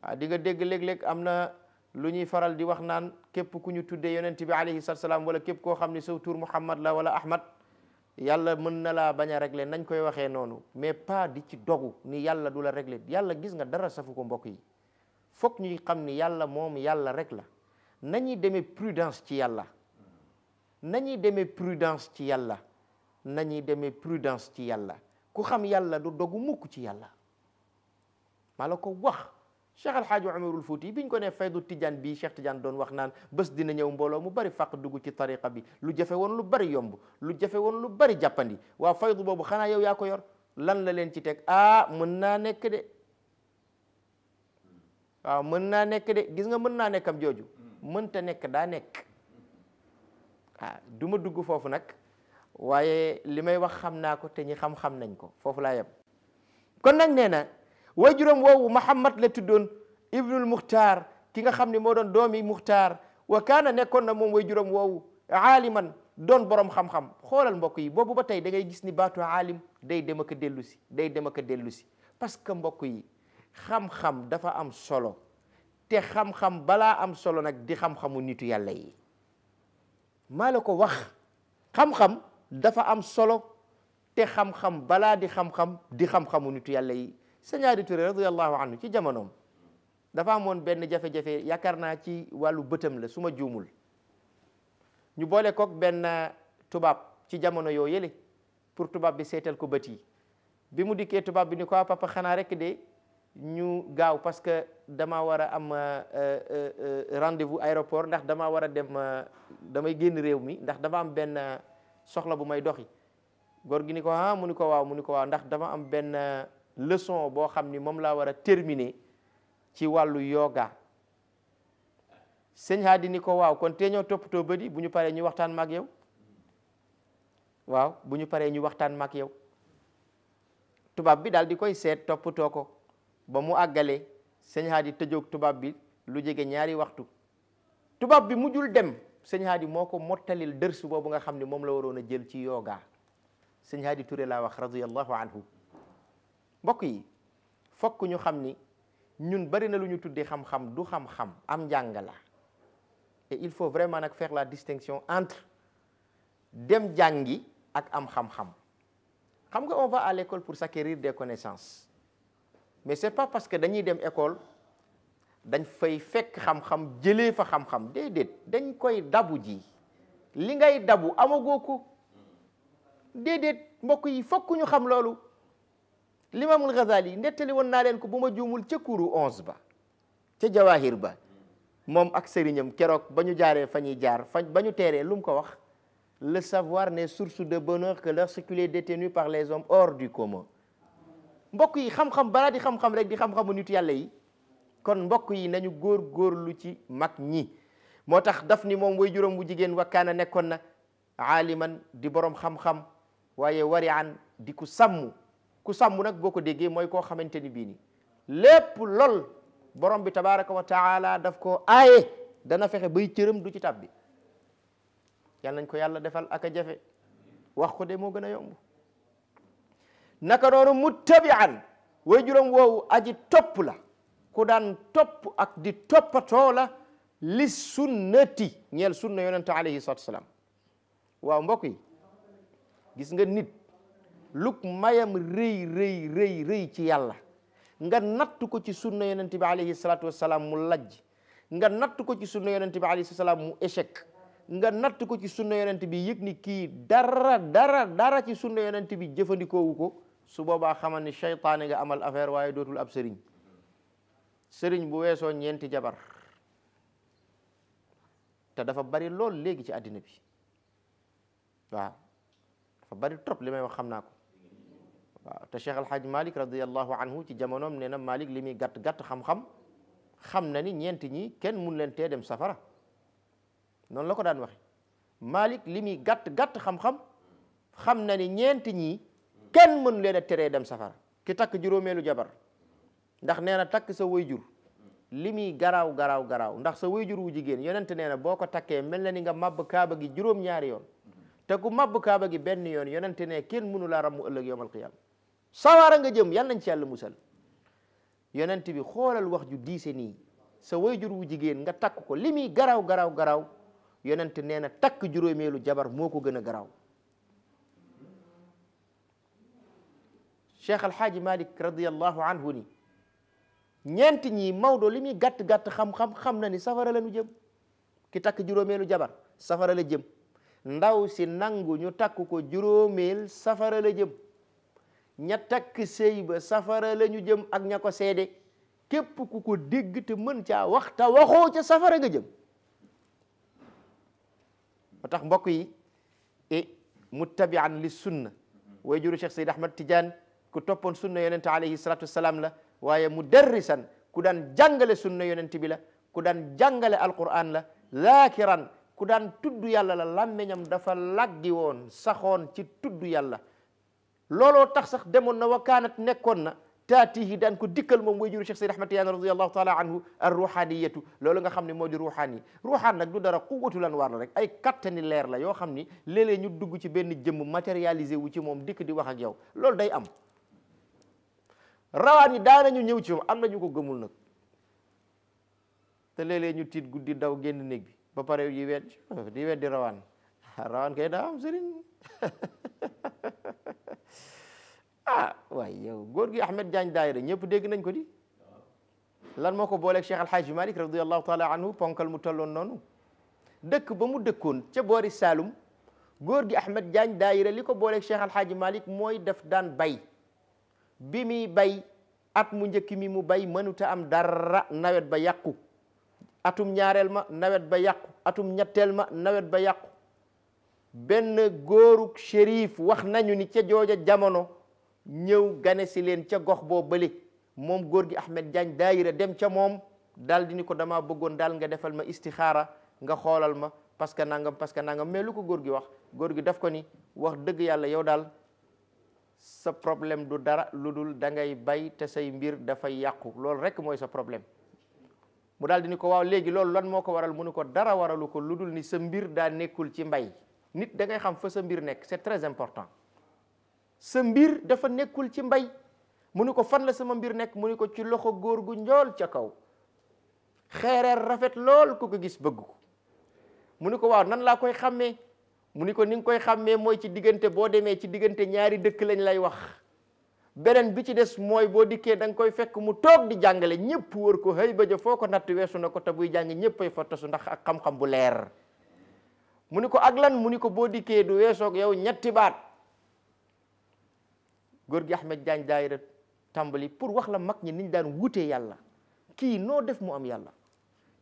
ah di nga dégg léeg-léeg am na lu ñuy faral di wax naan képp ku ñu tuddee yonente bi alayhi salatu salaam wala képp koo xam ne sa tur Muhammad la wala Ahmad yàlla mën na laa bañ a régler nañ koy waxee noonu mais pas di ci dogu ni yàlla du la régler yàlla gis nga dara safu ko mbokk yi foog ñuy xam ni yàlla moom yàlla rek la na nañuy demee prudence ci yàlla nañuy demee prudence ci yàlla nañuy demee prudence ci yàlla ku xam yàlla du dogu mukk ci yàlla ma la ko wax cheikh alxaaji umarul fuuti biñ ko ne faydu tijaan bii cheikh tijaan doon wax naan bés dina ñëw mbooloo mu bari fàq dugg ci tariqa bi lu jafe woon lu bari yomb lu jafe woon lu bari jàppandi waaw faydu boobu xanaa yow yaa ko yor lan la leen ci teg ah mën naa nekk waaw mën naa nekk de gis nga mën naa nekkam jooju mën mënta nekk daa nekk waaw ah, duma dugg foofu nag waaye li may wax xam naa ko te ñi xam-xam nañ ko foofu laa yem kon nag nee na waajuram woowu Muhammad la tuddoon ibnul muxtaar ki nga xam ne moo doon doomi muxtaar wa kaana nekkoon na moom waajuram woowu aaliman doon borom xam-xam xoolal mbokk yi boobu ba tey dangay gis ni baatu aalim day dem ak a dellu day dem ak mbokk yi xam-xam dafa am solo te xam-xam balaa am solo nag di xam-xamu nitu yàlla yi maa la ko wax xam-xam dafa am solo te xam-xam balaa di xam-xam di xam-xamu nitu yàlla yi Sénégal di Touré radiyallahu anhu ci jamono dafa amoon benn jafe-jafe yaakaar naa ci wàllu bëtam la suma juumul ñu boole kook benn tubaab ci jamono yoo yële pour tubaab bi seetal ko bët yi bi mu dikkee tubaab bi ni ko ah, papa xanaa rek de. ñu gaaw parce que dama war a am euh, euh, euh, rendez-vous aéroport ndax dama war a dem damay génn réew mi ndax dama am benn soxla bu may doxi góor gi ni ko ah mu ni ko waaw mu ni ko waaw ndax dama am benn leçon boo xam ni moom laa war a terminer ci wàllu yoga sëñ Hadi ni ko waaw kon te ñoo toppatoo bëri bu ñu paree ñu waxtaan mag yow waaw bu ñu paree ñu waxtaan mag yow tubaab bi daal di koy seet toppatoo ko ba mu àggale sëñ Haadi tëjoog bi lu jégué ñaari waxtu tubab bi mujul dem seigne hadi moko ko mottalil dërs boobu nga xamni mom la warona jël ci yoga seigne hadi Touré la wax radiyallahu anhu mbokk yi fokk ñu xamni ñun bari na luñu ñu xam-xam du xam-xam am jangala et il faut vraiment nak faire la distinction entre dem jangi ak am xam-xam xam nga on va à l'école pour s'acquérir des connaissances mais n'est pas parce que dañuy dem école dañ fay fekk xam-xam se fa xam-xam dañ koy dabu ji li ngay dabu amago ko mbokk yi fokk ñu xam l'imam al Ghazali won ko onze ba jawahir ba mom ak le savoir n'est source de bonheur que lorsqu'il est détenu par les hommes hors du commun mbokk yi xam-xam balaa di xam-xam rek di xam-xamu nitu yàlla yi kon mbokk yi nañu góor góorlu ci mag ñi moo tax daf ni moom way juróom bu jigéen wakkaana nekkoon na aliman di borom xam-xam waaye warian di ku sàmm ku sàmm nag boo ko déggee mooy koo xamante ni bii ni lépp lool borom bi tabaraka wa daf ko aaye dana fexe ba cëram du ci tab bi yàlla nañ ko yàlla defal ak jafe wax ko de moo gën a yomb naka noonu muttabi'an way juróom woowu aji topp la ku daan topp ak di toppatoo la li sunnati ñeel sunna yonente alayhi salatu wasalaam waaw mbokk yi gis nga nit luk mayam rëy rëy ci yàlla nga natt ko ci sunna yonente bi alayhi salatu wasalaam mu lajj nga natt ko ci sunna yonente bi mu échec nga natt ko ci sunna yonente bi yëg ni kii dara dara dara ci sunna yonente bi jëfandikoowu ko su boobaa xamal ni seytaane nga amal affaire waaye dootul ab seriñ sëriñ bu weesoo ñeenti jabar te dafa bari lool léegi ci àddina bi waaw dafa bari trop li may wax xam naa ko waaw te Cheikh Alhaaj Malik radiallahu anhu ci jamonoom nee na Malik li muy gàtt gàtt xam-xam xam na ni ñeenti ñi kenn mun leen tee dem safara noonu la ko daan waxe Malik li gàtt gàtt xam-xam na ni ñeenti ñi kenn mënu leen a teree dem safara ki takk juróomeelu jabar ndax nee na takk sa way jur li muy garaaw garaaw garaaw ndax sa way jur wu jigéen yonent nee na boo ko takkee mel na ni nga màbb gi juróom yoon te ku kaaba gi benn yoon yonent ne kenn mënu laa rammu ëllëg yawmal qiyaama sawara nga jëm yal nañ ci yàlla musal yonent bi xoolal wax ju diise nii sa wayjur wu jigéen nga takk ko li muy garaaw garaaw garaaw yonent nee na takk juróomeelu jabar moo ko gën a garaaw cheikh alhaaji malik radiallahu anhu ni ñeent ñi Maodo li muy gàtt-gàtt xam-xam xam na ni safara la ñu jëm ki takk juróomeelu jabar safara la jëm ndaw si nangu ñu takk ko juróomeel safara la jëm ña takk sëy safara la ñu jëm ak ña ko seede képp ku ko dégg mën caa wax te waxoo safara nga jëm moo tax mbokk yi e muttabian li sunna way juru cheikh Seyd Ahmad Tidiane ku topon sunna yonente alayhi salatu wassalam la waye mudarrisan ku dan jangale sunna yonente bi la ku dan jangale alquran la zakiran ku dan tuddu yalla la sahon dafa laggi won saxon ci tuddu yalla lolo tax sax demon na wa kaanat nekkoon na tatihi dan ko dikkel mom way juru cheikh sayyid ahmad radiyallahu taala anhu ar ruhaniyatu lolo nga xamni ne moo di ruhaan du dara quwatu lan war rek ay katani leer la yo xamni lele ñu dugg ci ben jëm materialiser wu ci mom dik di wax ak yow lolo day am rawaan yi daanañu ñëw ci moom am na ñu ko gëmul nag te léeg ñu tiit guddi daw génn néeg bi ba pare yi wet di wet rawaan [LAUGHS] rawaan kay daa am sëriñ [LAUGHS] ah waaye yow góor gi Ahmed Diagne daayira ñëpp dégg nañ ko di lan moo ko booleeg Cheikh Al Hadj Malick radiallahu ponkal mu tolloon noonu dëkk ba mu dëkkoon ca boori Saalum góor gi Ahmed Diagne daayira li ko booleeg Cheikh Al Hadj mooy def daan bay bi muy bay at mu njëkk mi mu bay mënuta am dara nawet ba yàqu atum ñaareel ma nawet ba yàqu atum ñetteel ma nawet ba yàqu benn góoru shérif wax nañu ni ca jooja jamono ñëw gane si leen ca gox boo bële moom góor gi Ahmed Diagne daayira dem ca moom daal di ni ko dama bëggoon daal nga defal ma istixaara nga xoolal ma parce que nangam parce que nangam mais lu ko góor gi wax góor gi def ko ni wax dëgg yàlla yow daal sa problème du dara lu dul da ngay bay te say mbir dafay yàqu loolu rek mooy sa problème mu daal di ni ko waaw léegi loolu lan moo ko waral mu ni ko dara waralu ko lu dul ni sa mbir daa nekkul ci mbay nit da ngay xam fa sa mbir nekk c'est très important sa mbir dafa nekkul ci mbay mu ni ko fan la sama mbir nekk mu ni ko ci loxo góor gu njool ca kaw xeereer rafet lool ko ko gis bëgg ko mu ni ko waaw nan laa koy xàmmee Muniko ni ko ni nga koy xàmmee mooy ci digënté bo démé ci digënté ñaari dëkk lañ lay wax benen bi ci dess moy bo diké dang koy fekk mu tok di jàngalé ñëpp wër ko xëy ba ja foo natt wessu nako ko buy jàng ñëppay ndax ak xam-xam bu lèr ko ak lan muni ko du weesoog yow ñetti baat gor gi Ahmed jàng daayira tambali pour wax la mag ñi niñ daan wuté yalla kii no def mu am yalla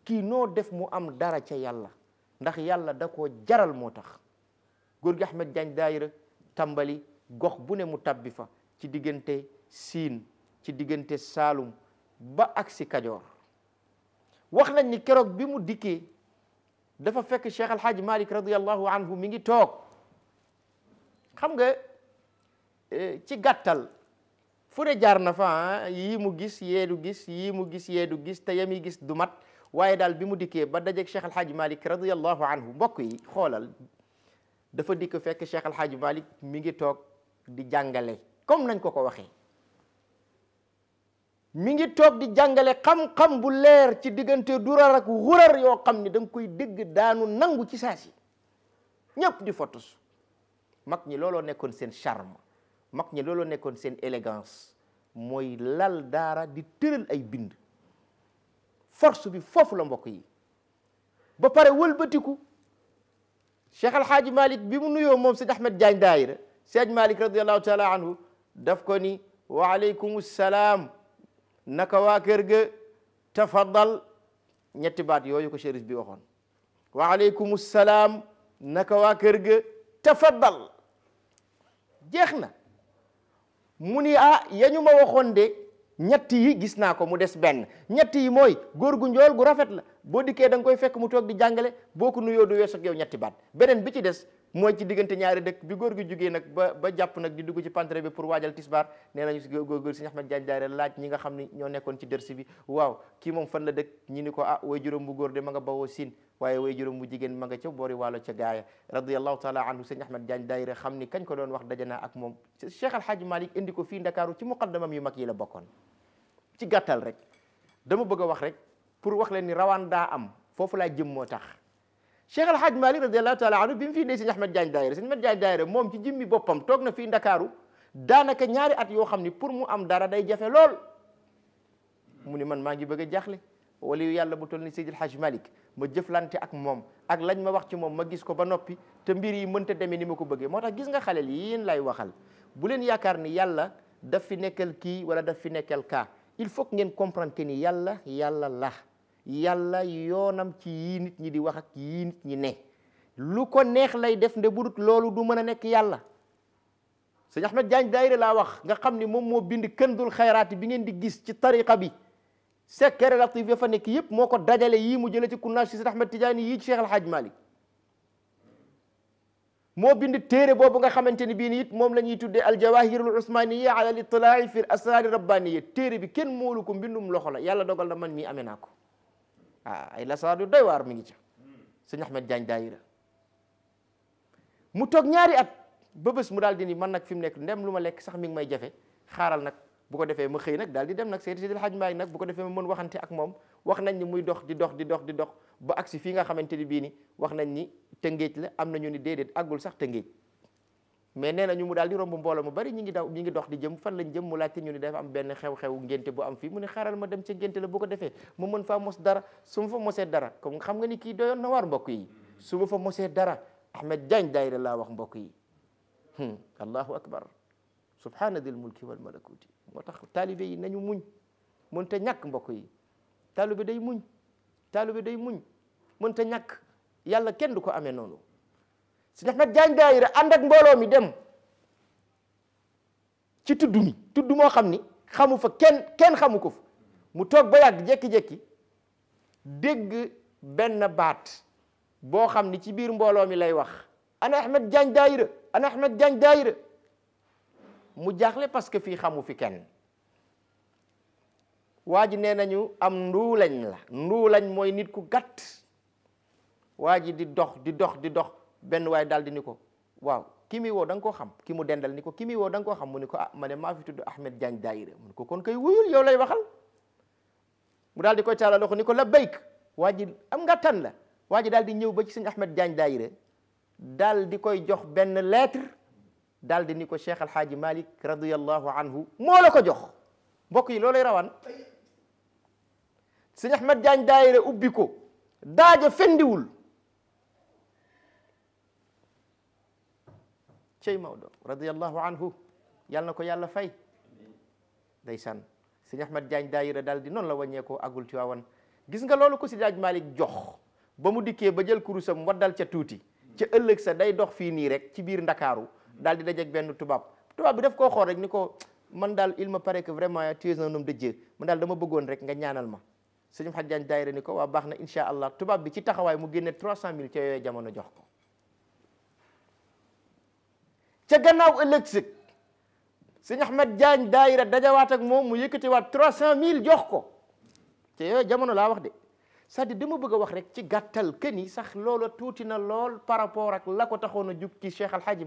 kii no def mu am dara ca yalla ndax yalla da jaral motax góor gi Ahmed Diagne daayira tàmbali gox bu ne mu tabbi fa ci diggante siin ci diggante saalum ba ak si kajoor wax nañ ni keroog bi mu dikkee dafa fekk Cheikh Al Hadj Malick radiallahu anhu mi ngi toog xam nga e, ci gàttal fu jaar na fa ah, yii mu gis yee gis yii mu gis yee gis te yami gis du mat waaye daal bi mu dikkee ba dajeeg Cheikh Al Hadj Malick radiallahu anhu mbokk yi dafa dikk fekk Cheikh Al Hadj mi ngi toog di jàngale comme nañ ko ko waxee mi ngi toog di jàngale xam-xam bu leer ci diggante durar ak xurar yoo xam ni da koy dégg daanu nangu ci saa si ñëpp di fotus mag ñi looloo nekkoon seen charme mag ñi looloo nekkoon seen élégance mooy lal daara di tëral ay bind force bi foofu la mbokk yi ba pare wëlbatiku cheikh alhaaji malik bi mu nuyoo moom sid ahmed diagne daayira seej malik radiallahu taala anhu daf ko ni waaleykum salaam naka waa kër ga tafadal ñetti baat yooyu ko chérif bi waxoon waaleykum salaam naka waa kër ga tafadal jeex na mu ni ah yañu ma waxoon de ñett yi gis naa ko mu des benn ñett yi mooy góor gu njool gu rafet la boo dikkee da nga koy fekk mu toog di jàngale boo ko nuyoo du weesu ak yow ñetti baat beneen bi ci des mooy ci diggante ñaari dëkk bi góor gi jógee nag ba ba jàpp nag di dugg ci pantre bi pour waajal tisbaar nee nañu si góor si Ahmed Diagne Daara laaj nga xam ni ñoo nekkoon ci dërsi bi waaw kii moom fan la dëkk ñi ni ko ah way juróom bu góor de ma nga bawoo siin waaye way juróom bu jigéen ma nga ca boori wàllo ca gaaya radiallahu taala anhu sëñ Ahmed Diagne Daara xam ni kañ ko doon wax dajanaa ak moom Cheikh Alhaaji Malick indi ko fii Ndakaaru ci muqaddamam yu mag yi la bokkoon ci gàttal rek dama bëgg a wax rek pour wax leni rawanda am fofu la jëm motax Cheikh Al Hadj Malick radiallahu taala anu bim fi ne sëñ Ahmed Diagne daire sëñ Ahmed Diagne daire mom ci jimmi bopam tok na fi dakaru danaka ñaari at yo xamni pour mu am dara day jafe lol muni man ma ngi bëgg jaxlé wali yàlla bu tolni ni Seydi El Hadj Malick ma jëflante ak mom ak lañ ma wax ci mom ma gis ko ba nopi te mbir yi ta démé ni mako bëggé motax gis nga xalé li yéen lay waxal bu len yaakaar ni yàlla daf fi nekkal ki wala daf fi nekkal ka il faut que ngeen comprendre que ni yàlla yàlla la yàlla yoonam ci yii nit ñi di wax ak nit ñi ne lu ko neex lay def nde budut loolu du mën a nekk yàlla sëñ Ahmed Diagne daayira laa wax nga xam ni moom moo bindi bind dul xayraati bi ngeen di gis ci tariqa bi secret latif ya fa nekk yépp moo ko dajale yii mu jële ci kunnaas si sëñ Ahmed Tidiane yii ci Cheikh El Hadj Malick moo bind téere boobu nga xamante ni bii ni moom la ñuy tuddee aljawahirul usmaniya ala al itilaa'i fi l asraari rabbaniya téere bi kenn moolu ko mbindum loxo la yàlla dogal na man mii amee naa ko ah ay lasaar yu doy waar mi ngi ca sëñ Ahmed Diagne daayira mu toog ñaari at ba bés mu daal di ni man nag fi mu nekk ndem lu ma lekk sax mi ngi may jafe xaaral nag bu ko defee ma xëy nag daal di dem nag seeti Seydil Hadj Mbaye nag bu ko defee ma mën waxante ak moom wax nañ ni muy dox di dox di dox di dox ba agsi fii nga xamante ni bii ni wax nañ ni tëngéej la am na ñu ni déedéet àggul sax tëngéej mais nee nañu mu daal di romb mbooloo mu bari ñi ngi daw ñi ngi dox di jëm fan lañ jëm mu laajte ñu ni dafa am benn xew-xew ngénte bu am fii mu ne xaaral ma dem ci ngénte la bu ko defee mu mën faa mos dara su ma fa mosee dara comme xam nga ni kii doyoon na waar mbokk yi su ma fa mosee dara Ahmed Diagne daayira laa wax mbokk yi hmm, allahu akbar subhaana dil mulki wal malakuti moo tax taalibe yi nañu muñ mënta ñàkk mbokk yi taalibe day muñ taalibe day muñ mënta ñàkk yàlla kenn du ko amee noonu si ndax nag jaañ daayira ànd ak mbooloo mi dem ci tudd mi tudd moo xam ni xamu fa kenn kenn xamu ko fa mu toog ba yàgg jékki-jékki dégg benn baat boo xam ni ci biir mbooloo mi lay wax ana Ahmed Diagne daayira ana Ahmed Diagne daayira mu jaaxle parce que fii xamu fi kenn waa ji nee nañu am nduulañ la nduulañ mooy nit ku gàtt waa ji di dox di dox di dox ben way daldi niko ni ko waaw ki muy xam ki mu dendal niko kimi wo dang ko xam muniko ah mané ma fi tuddu Ahmed jang daire muniko kon kay wuyul yow lay waxal mu daldi ko koy loxo la béyk am nga tan la waji daldi ñëw ba ci seigne Ahmed jang daire daldi koy jox ben lettre daldi niko ni ko Cheikh Alhaaji Malik radiyallahu anhu mo la ko jox mbok yi lolay rawan seigne Ahmed Diagne daire ubbi ko daaja fendiwul cey Maodo radiyallahu anhu yàlla na ko yàlla fay day san ndeysaan sëñ Ahmed Diagne daayira daal di noonu la wàññeekoo agul ci waawan gis nga loolu ko si daaj Malick jox ba mu dikkee ba jël kurusam dal ca tuuti ca ëllëg sa day dox fii nii rek ci biir ndakaaru daal di dajeeg benn tubaab tubaab bi daf koo xool rek ni ko man daal il me paraît vraiment tu es un dama bëggoon rek nga ñaanal ma sëñ Ahmed Diagne ko waa baax na incha allah tubaab bi ci taxawaay mu génne 300000 ca yooyu jamono jox ko ca gannaaw ëllëg sëg sëñ mat Diagne daayira dajawaat ak moom mu waat trois cent mille jox ko ca yooyu jamono laa wax de c'est-à-dire dama bëgg a wax rek ci gàttal que ni sax loola tuuti na lool par rapport ak la ko taxoon a jug ci Cheikh Al Hadj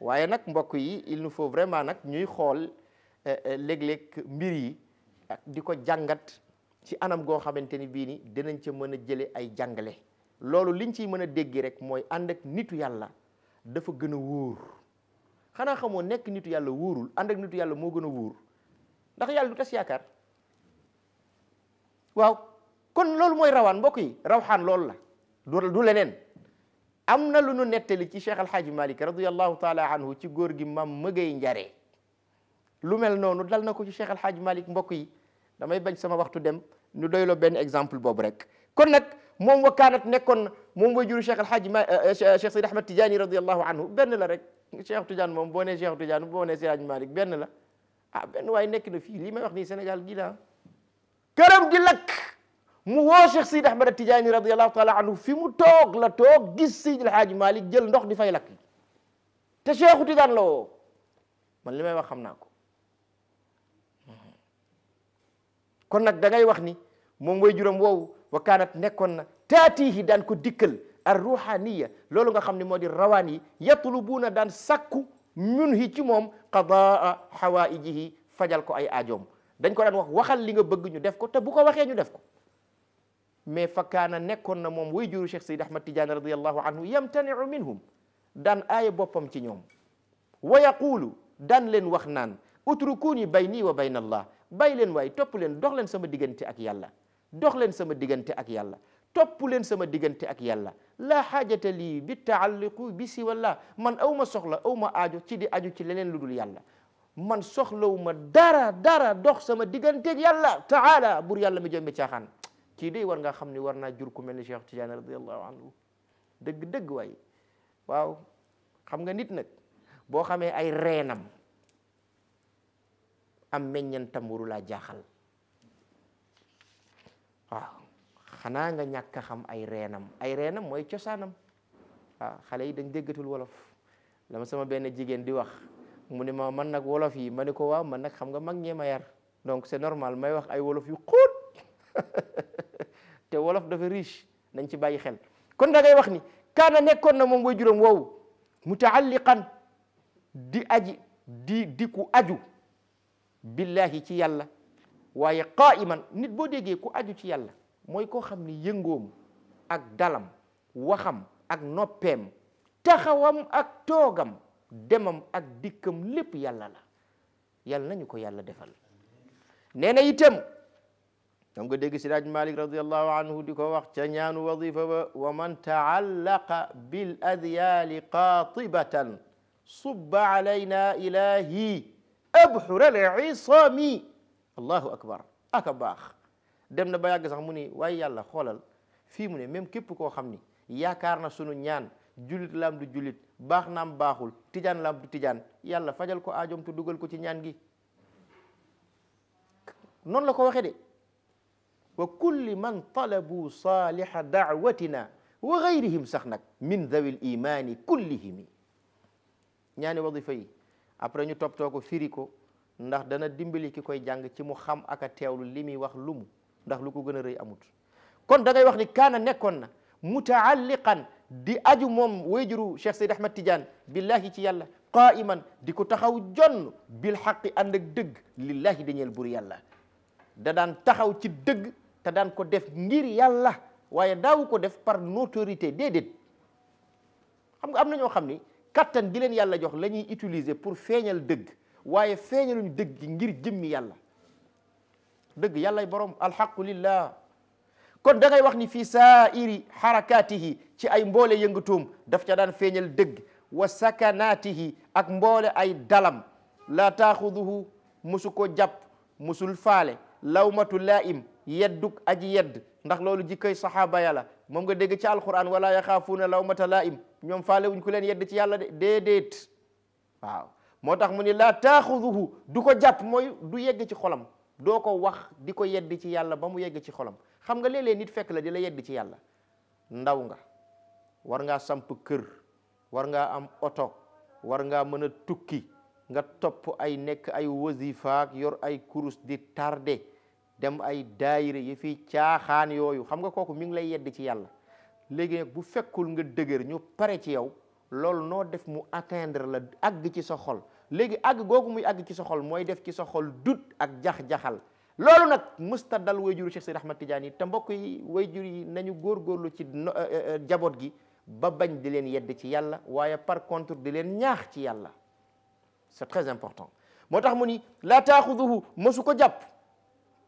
waaye nag mbokk yi il nous faut vraiment nag ñuy xool eh, eh, léeg-léeg mbir yi di ko jàngat ci anam goo xamante ni bii ni dinañ ca mën a jële ay jàngale loolu liñ ciy mën a dégg rek mooy ànd ak nitu yàlla dafa gën a wóor xanaa xamoo nekk nitu yàlla wóorul ànd ak nitu yàlla moo gën a wóor ndax yàlla du tas yaakaar waaw kon loolu mooy rawaan mbokk yi rawxaan loolu la du du leneen am na lu nu li ci cheikh alhaaji malik radiallahu taala anhu ci góor gi mam mëgay njare lu mel noonu dal na ko ci cheikh alhaaji malik mbokk yi damay bañ sama waxtu dem nu doyloo benn exemple boobu rek kon nag moom wakkaanat nekkoon na moom way juru cheikh alhaaji ma cheikh Seydi Ahmad Tidiane radiallahu anhu benn la rek cheikh Tidiane moom boo nee cheikh Tidiane boo nee Seydi Malick benn la ah benn waaye nekk na fii lii may wax nii Sénégal gii la këram di lakk mu woo cheikh Seydi Ahmad Tidiane radiallahu taala anhu fi mu toog la toog gis Seydi alhaaji Malick jël ndox di fay lakk te cheikh Tidiane la woo man li may wax xam naa ko kon nag da ngay wax ni moom way juram woowu wa kaanat nekkoon na taatihi daan ko dikkal ar ruhaniya loolu nga xam ne moo di rawaan yi yatlubuuna daan sakku ñun hi ci moom qadaa hawaijihi fajal ko ay ajoom dañ ko daan wax waxal li nga bëgg ñu def ko te bu ko waxee ñu def ko mais fa kaana nekkoon na moom way juru Cheikh Seydi Ahmad Tidiane radiallahu anhu yamtaniu minhum daan aaye boppam ci ñoom wa yaqulu daan leen wax naan utrukuni bayni wa bayna allah bay leen waay topp leen dox leen sama diggante ak yàlla dox len sama digante ak yalla top len sama digante ak yalla la hajata li bi taalliqu bi si walla man awma ma soxla awma ma ci di aju ci lenen lu yalla man soxlawu ma dara dara dox sama ak yalla taala bur yalla mi jombe xan ci de war nga xamni war na jur ku melni deg Cheikh Tidiane wow, anhu deug deug way waw xam nga nit nak bo xame ay renam am meññantam waru la jaxal waaw xanaa nga ñàkk a xam ay reenam ay reenam mooy cosaanam ah xale yi dañ déggatul wolof la ma sama benn jigéen di wax mu ne ma man nag wolof yi ma ne ko waaw man nag xam nga mag ñee ma yar donc c'est normal may wax ay wolof yu xóot [LAUGHS] te wolof dafa riche nañ ci bàyyi xel kon da ngay wax ni kaana nekkoon na moom way juróom woowu mutaalliqan di aji di di ku aju billahi ci yàlla waaye qaiman nit boo déggee ku aju ci yàlla mooy koo xam ni yëngoom ak dalam waxam ak noppeem taxawam ak toogam demam ak dikkam lépp yàlla la yàlla nañu ko yàlla defal nee na itam dam nga dégg Siraaj Malik radiallahu anhu di ko wax ca ñaanu wadifa ba wa man taallaqa bil adyaali qaatibatan subba alayna ilahi abxura al الله أكبر أكباخ دم نبا يغ صاح موني واي يالا خولال في موني ميم كيب كو خامني ياكارنا سونو نيان جوليت لام دو جوليت باخ نام باخول تيجان لام دو تيجان يالا فاجال كو اديوم تو دوغال كو سي نيان نون لا كو واخي دي وكل من طلبوا صالح دعوتنا وغيرهم سخنك من ذوي الايمان كلهم نياني وظيفه يي ابري ني توكو فيريكو ndax dana dimbali ki koy jàng ci mu xam ak teew teewlu li muy wax lumu ndax lu ko gën a rëy amut kon da wax ni kaana nekkoon na mutaalliqan di aju moom wayjuru Cheikh Seyd Ahmad Tidiane billahi ci yàlla qaiman di ko taxaw jon bil xaqi ànd ak dëgg lillahi dañeel bur yàlla da daan taxaw ci dëgg te daan ko def ngir yàlla waaye daawu ko def par notoriété déedéet xam nga am na ñoo xam ni kattan gi leen yàlla jox la ñuy utiliser pour feeñal dëgg waaye feeñaluñ dëgg ngir jëmmi yàlla dëgg yàllay borom alxaqu lillah kon da ngay wax ni fii saairi xarakatihi ci ay mboole yëngatuum daf ca daan feeñal dëgg wa sakanaatihi ak mboole ay dalam laa taaxuduhu musu ko jàpp musul faale lawmatu laa'im yedduk aji yedd ndax loolu jikkoy saxaaba yàlla moom nga dégg ci alquran wala yaxaafuuna lawmata laa'im ñoom faale wuñ ku leen yedd ci yàlla de déedéet waaw moo tax mu ni laa taaxuduhu du ko jàpp mooy du yegg ci xolam doo ko wax di ko yedd ci yàlla ba mu yegg ci xolam xam nga léeg nit fekk la di la yedd ci yàlla ndaw nga war ngaa samp kër war ngaa am oto war ngaa mën a tukki nga topp ay nekk ay wasifaak yor ay kurus di tardé dem ay daayire yi fii caaxaan yooyu xam nga kooku mu ngi lay yedd ci yàlla léegi nag bu fekkul nga dëgër ñu pare ci yow loolu noo def mu atteindre la agg ci sa xol léegi àgg googu muy àgg ci sa xol mooy def ci sa xol dut ak jax-jaxal loolu nag musta dal way juru Cheikh Seydi Ahmad Tidiane yi te mbokk yi way jur yi nañu góorgóorlu ci jaboot gi ba bañ di leen yedd ci yàlla waaye par contre di leen ñaax ci yàlla c'est très important moo tax mu ni laa taaxuduhu mosu ko jàpp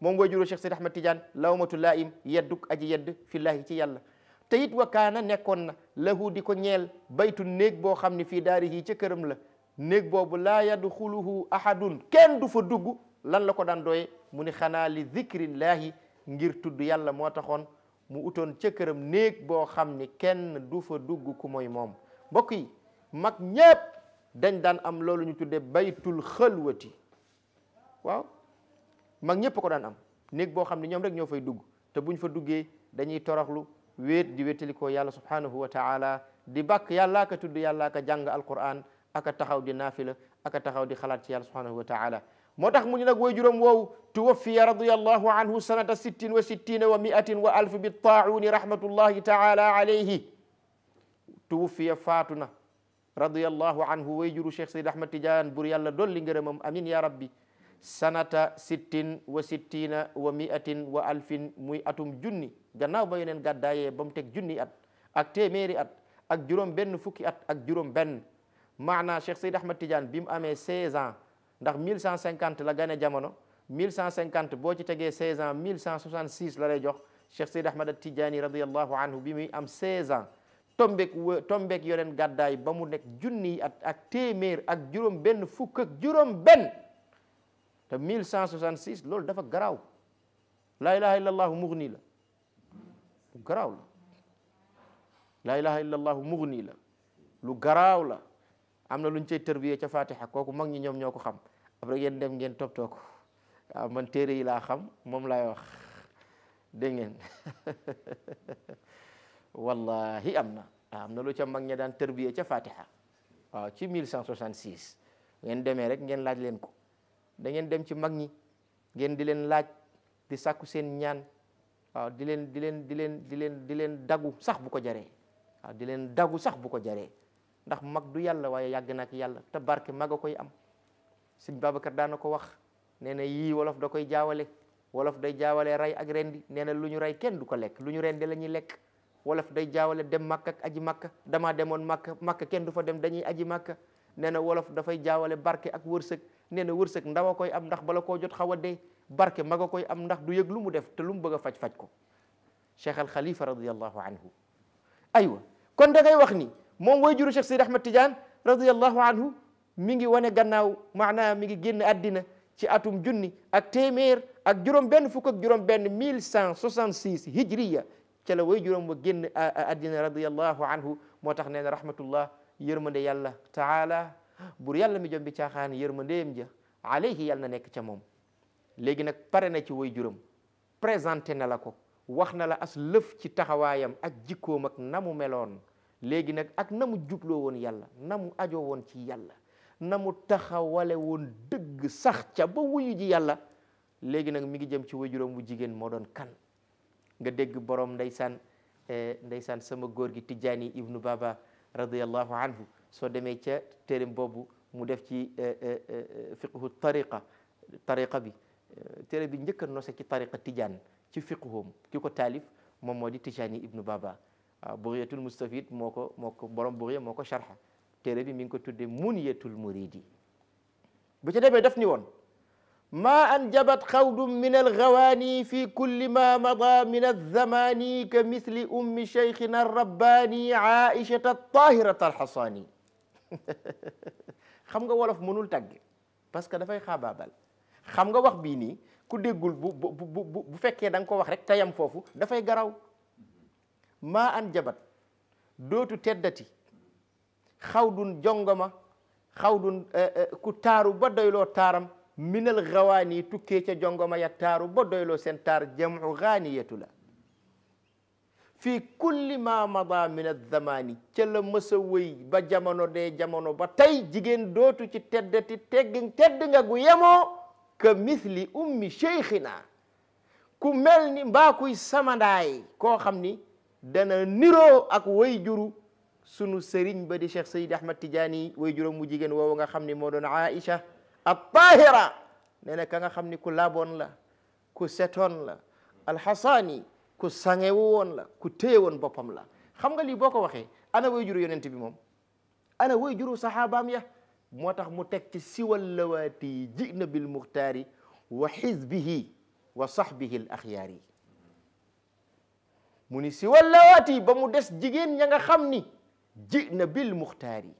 moom way juru Cheikh Seydi Ahmad Tidiane lawmatu laa'im yedduk aji yedd fillaahi ci yàlla te it wakaana nekkoon na lahu di ko ñeel baytu néeg boo xam ne fii daari yi ca këram la néeg boobu laa yadxuluhu ahadun kenn du fa dugg lan la ko daan doye mu ni xanaa li zikrillahi ngir tudd yàlla moo taxoon mu utoon ca këram néeg boo xam ni kenn du fa dugg ku mooy moom mbokk yi mag ñépp dañ daan am loolu ñu tudde baytul xalwati waaw mag ñépp ko daan am néeg boo xam ne ñoom rek ñoo fay dugg te buñ fa duggee dañuy toroxlu wet di ko yàlla subhanahu wa taala di bàkk yàllaa ka tudd yàllaa ka jàng alquran ak taxaw di nafila ak taxaw di xalaat ci yàlla subhanahu wa taala motax muñ nak way juróom wow tuwaffiya radiyallahu anhu sanata 66 wa 100 wa 1000 wa bi ta'un rahmatullahi taala alayhi tuwaffiya fatuna radiyallahu anhu way juru cheikh sayyid ahmad tidiane bur yàlla doli ngeureum amin ya rabbi sanata 66 wa 100 wa 1000 wa alfin muy atum junni gannaaw ba yenen gadaye bam tek junni at ak temeri at ak juróom ben fukki at ak juróom ben maanaa Cheikh Seyd Ahmad Tidiane bi mu amee 16 ans ndax 1150 la gane jamono 1150 boo ci tegee 16 ans 1166 la lay jox Cheikh Seyd Ahmad Tidiane radiyallahu anhu bi muy am 16 ans tombeek w tombeek yoneen gàddaay ba mu nekk junniy at ak téeméer ak juróom benn fukk ak juróom benn te 1166 loolu dafa garaaw laa ilaha illa allahu mughni la lu garaaw la laa ilaha illa allahu mughni la lu garaaw la am luñ cey tërbiye ca fatiha koku mag ñi ñom ñoko ko xam après yeen dem ngeen top ko ah, man téré yi la xam mom lay wax de ngeen [LAUGHS] wallahi am na ah, am lu ca mag ñi daan tërbiye ca fatiha wa ah, ci 1166 ngeen demee rek ngeen laaj leen ko da ngeen dem ci mag ñi ngeen di leen laaj di sakku seen ñaan waaw di leen di leen di leen di leen di leen dagu sax bu ko jaré waaw di leen dagu sax bu ko jaré ndax mag du yàlla waaye yàgg nag yàlla te barke mag koy am sëñ Babacar daana ko wax nee na yii wolof da koy jaawale wolof day jaawale rey ak rendi nee na lu ñu rey kenn du ko lekk lu ñu rendi la ñuy lekk wolof day jaawale dem màkk ak aji màkk damaa demoon màkk màkk kenn du fa dem dañuy aji màkk nee na wolof dafay jaawale barke ak wërsëg nee na wërsëg ndaw koy am ndax bala koo jot xaw a dee barke mag koy am ndax du yëg lu mu def te lu mu bëgg a faj faj ko cheikh al xalifa radiallahu moom way juru Cheikh Sidi Ahmed Tidiane radiallahu anhu mi ngi wane gannaaw maanaam mi ngi génn àddina ci atum junni ak téeméer ak juróom benn fukk ak juróom benn mille cent soixante six hijriya ca la way juróom wa génn àddina radiallahu anhu moo tax nee na rahmatullah yërmande yàlla taala bur yàlla mi jombi caaxaan yërmandeem ja alayhi yàlla na nekk ca moom léegi nag pare na ci way juróom présenté na la ko wax na la as lëf ci taxawaayam ak jikkoom ak namu meloon léegi nag ak na mu jubloo woon yàlla na mu ajoo woon ci yàlla na mu taxawale woon dëgg sax ca ba wuyu ji yàlla léegi nag mi ngi jëm ci wajuram bu jigéen moo doon kan nga dégg borom ndeysaan eh, ndeysaan sama góor gi Tidjani Ibnu Baba radiyallahu anhu soo demee ca téerim boobu mu def ci eh, eh, fiqhu tariqa tariqa bi tere bi njëkk a nose ci tariqa Tidjane ci fiqhum ki ko taalif moom moo di Tidjani Ibnu Baba buriyatul المستفيد موكو موكو borom buriya moko sharha tere bi ming ko tudde munyatul muridi bu ci ما أنجبت خود من الغواني في كل ما مضى من الزماني كمثل أم شيخنا الرباني عائشة الطاهرة الحصاني خمغا ولف منول تاج بس كده في خبابل خمغا وخبيني كده قلب بو بو بو بو بو فكيا دانكو وخرك تيام فوفو ده في جراو maa an jabat dootu teddati xawdun jongoma xawdun eh, eh, ku taaru ba doyloo taaram minal gawaani tukkee ca jongoma ya taaru ba doyloo seen taar jamcu gaaniyatu la fii kulli ma mada min azamani ca la mësa ba jamono de jamono ba tey jigéen dootu ci teddati tegg tedd nga gu yemoo misli ummi cheikhina ku mel ni mbaa kuy samandaay koo xam ni dana niroo ak way juru sunu sëriñ ba di cheikh sayid ahmad tijaani way juróom mu jigéen woowu nga xam ni moo doon aïcha at tahira nee na ka nga xam ni ku laboon la ku setoon la alxasaani ku sangewu woon la ku téye woon boppam la xam nga lii boo ko waxee ana way juru yonent bi moom ana way juru saxaabaam ya moo tax mu teg ci siwal lawaati jina bil muxtaari wa xizbihi wa sahbihi al axyaari mu ni si wallawaati ba mu des jigéen ña nga xam ni ji na bil muxtaar yi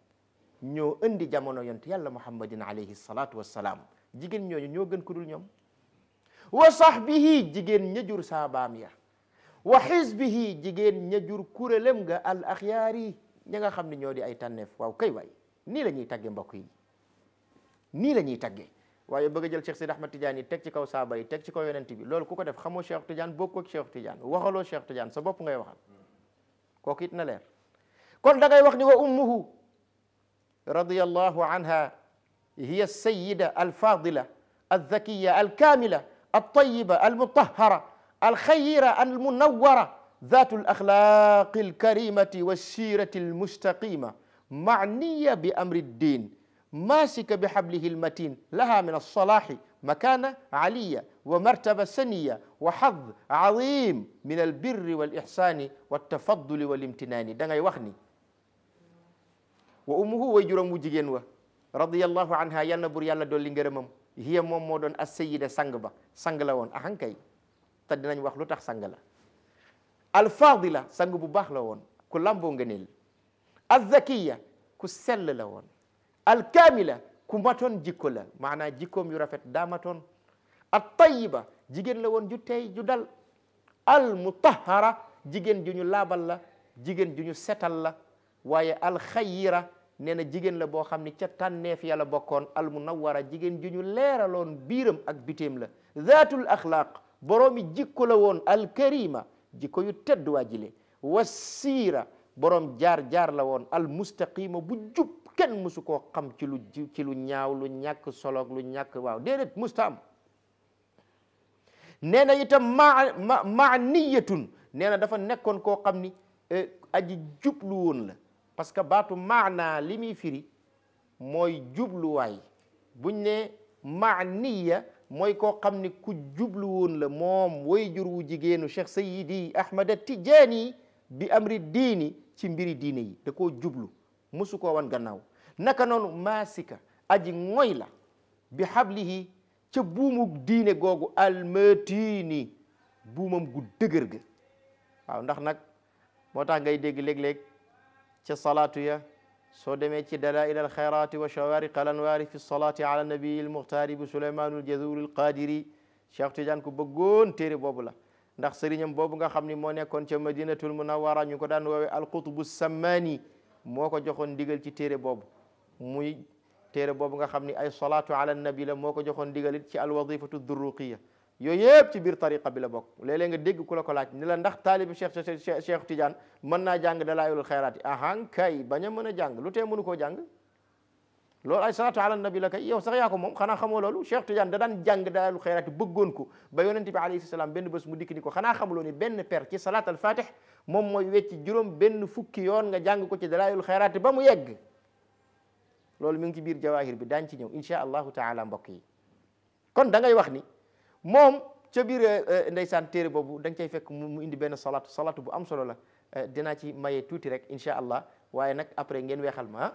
ñoo indi jamono yonent yàlla muhammadin alayhi salaatu wassalaam jigéen ñooñu ñoo gën ku dul ñoom wa sahbihi jigéen ña jur saabaam ya wa xisbihi jigéen ña jur kuréelam nga al axyaar ña nga xam ni ñoo di ay tànneef waaw kay waay nii la ñuy tagge mbokk yi nii la ñuy tagge waye bëgg jël Cheikh Sidi ahmed Tidiane tek ci kaw saaba yi teg ci kaw yonent bi loolu kuko def xamoo Cheikh Tidiane bokkoo ak Cheikh Tidiane waxalo Cheikh Tidiane sa bop ngay waxal kooku it na leer kon da ngay wax ni wa ummuhu radiyallahu anha hiya sayida alfadila alzakiya alkamila altayiba almutahara alxayira almunawara ذات الأخلاق الكريمة والسيرة المستقيمة معنية بأمر الدين ماسك بحبله المتين لها من الصلاح مكانة علية ومرتبة سنية وحظ عظيم من البر والإحسان والتفضل والامتنان دعنا يوخني وأمه ويجرم جينوا رضي الله عنها يا نبور يا الله دولين هي مومودون السيدة سنغبا سنغلاون أخنكي تدنا يوخلو تخ سنغلا الفاضلة سنغبو بخلاون كلام بونغنيل الذكية كسل alkamila kuma toon jikko la maanaa jikkoom yu rafet daama toon at tayiba jigéen la woon ju tey ju dal al mutahara jigéen ju ñu laabal la jigéen ju ñu setal la waaye alxayira nee na jigéen la boo xam ni ca tànneef yàlla bokkoon al munawara jigéen ju ñu leeraloon biiram ak bitéem la zaatul axlaaq boroomi jikko la woon alkarima jikko yu tedd waa jile wasiira boroom jaar jaar la woon al mustaqima bu jub kenn mësu koo xam ci lu ci lu lu ñàkk soloog lu ñàkk waaw déedéet mustaam nee na itam ma ma maaniyatun nee na dafa nekkoon koo xam ni eh, aji jublu woon la parce que baatu maanaa li muy firi mooy jubluwaay buñ ne maaniya mooy koo xam ni ku jublu woon la moom way jur wu jigéenu cheikh sayidi ahmad at bi amri diini ci mbiri diine yi da ko jublu musuko ko wan gannaaw naka noonu maasika aji ngoy la bi hablihi ca buumu diine googu almatini buumam gu dëgër ga waaw ndax nag moo tax ngay dégg léeg-léeg ca salaatu ya soo demee ci dalail alxayrati wa shawariq alanwaari fi salaati ala nabii almuxtaari bi suleymaanu aljazuri alqadiri cheikh tidiane ku bëggoon téere boobu la ndax sëriñam boobu nga xam ni moo nekkoon ca madinatul munawara ñu ko daan woowee alqutbu sammaani moo ko joxoon ndigal ci téere boobu muy teere boobu nga xam ni ay salaatu ala nabi la moo ko joxoon ndigal it ci alwadifatu duruqiya yooyu yëpp ci biir tariqa bi la bokk léeg nga dégg ku la ko laaj ni la ndax taalibi cheikh cheikh Tidiane mën naa jàng dalaayilul xayraat yi ahan kay bañ a mën a jàng lu tee mënu koo jàng loolu ay salaatu ala nabi la kay yow sax yaa ko moom xanaa xamoo loolu Cheikh Tidiane da daan jàng daalu xayraati bëggoon ko ba yonente bi alayhi salaam benn bés mu dikk ni ko xanaa xamuloo ni benn per ci salaat al fatih moom mooy wecci juróom benn fukki yoon nga jàng ko ci dalaayul xayraati ba mu yegg loolu mi ngi ci biir jawahir bi daañ ci ñëw insha allahu taala mbokk yi kon da ngay wax ni moom ca biir eh, eh, ndeysaan téere boobu da nga cay fekk mu indi benn salaatu salaatu bu am solo la eh, dinaa ci maye tuuti rek insha allah waaye nag après ngeen weexal ma ah,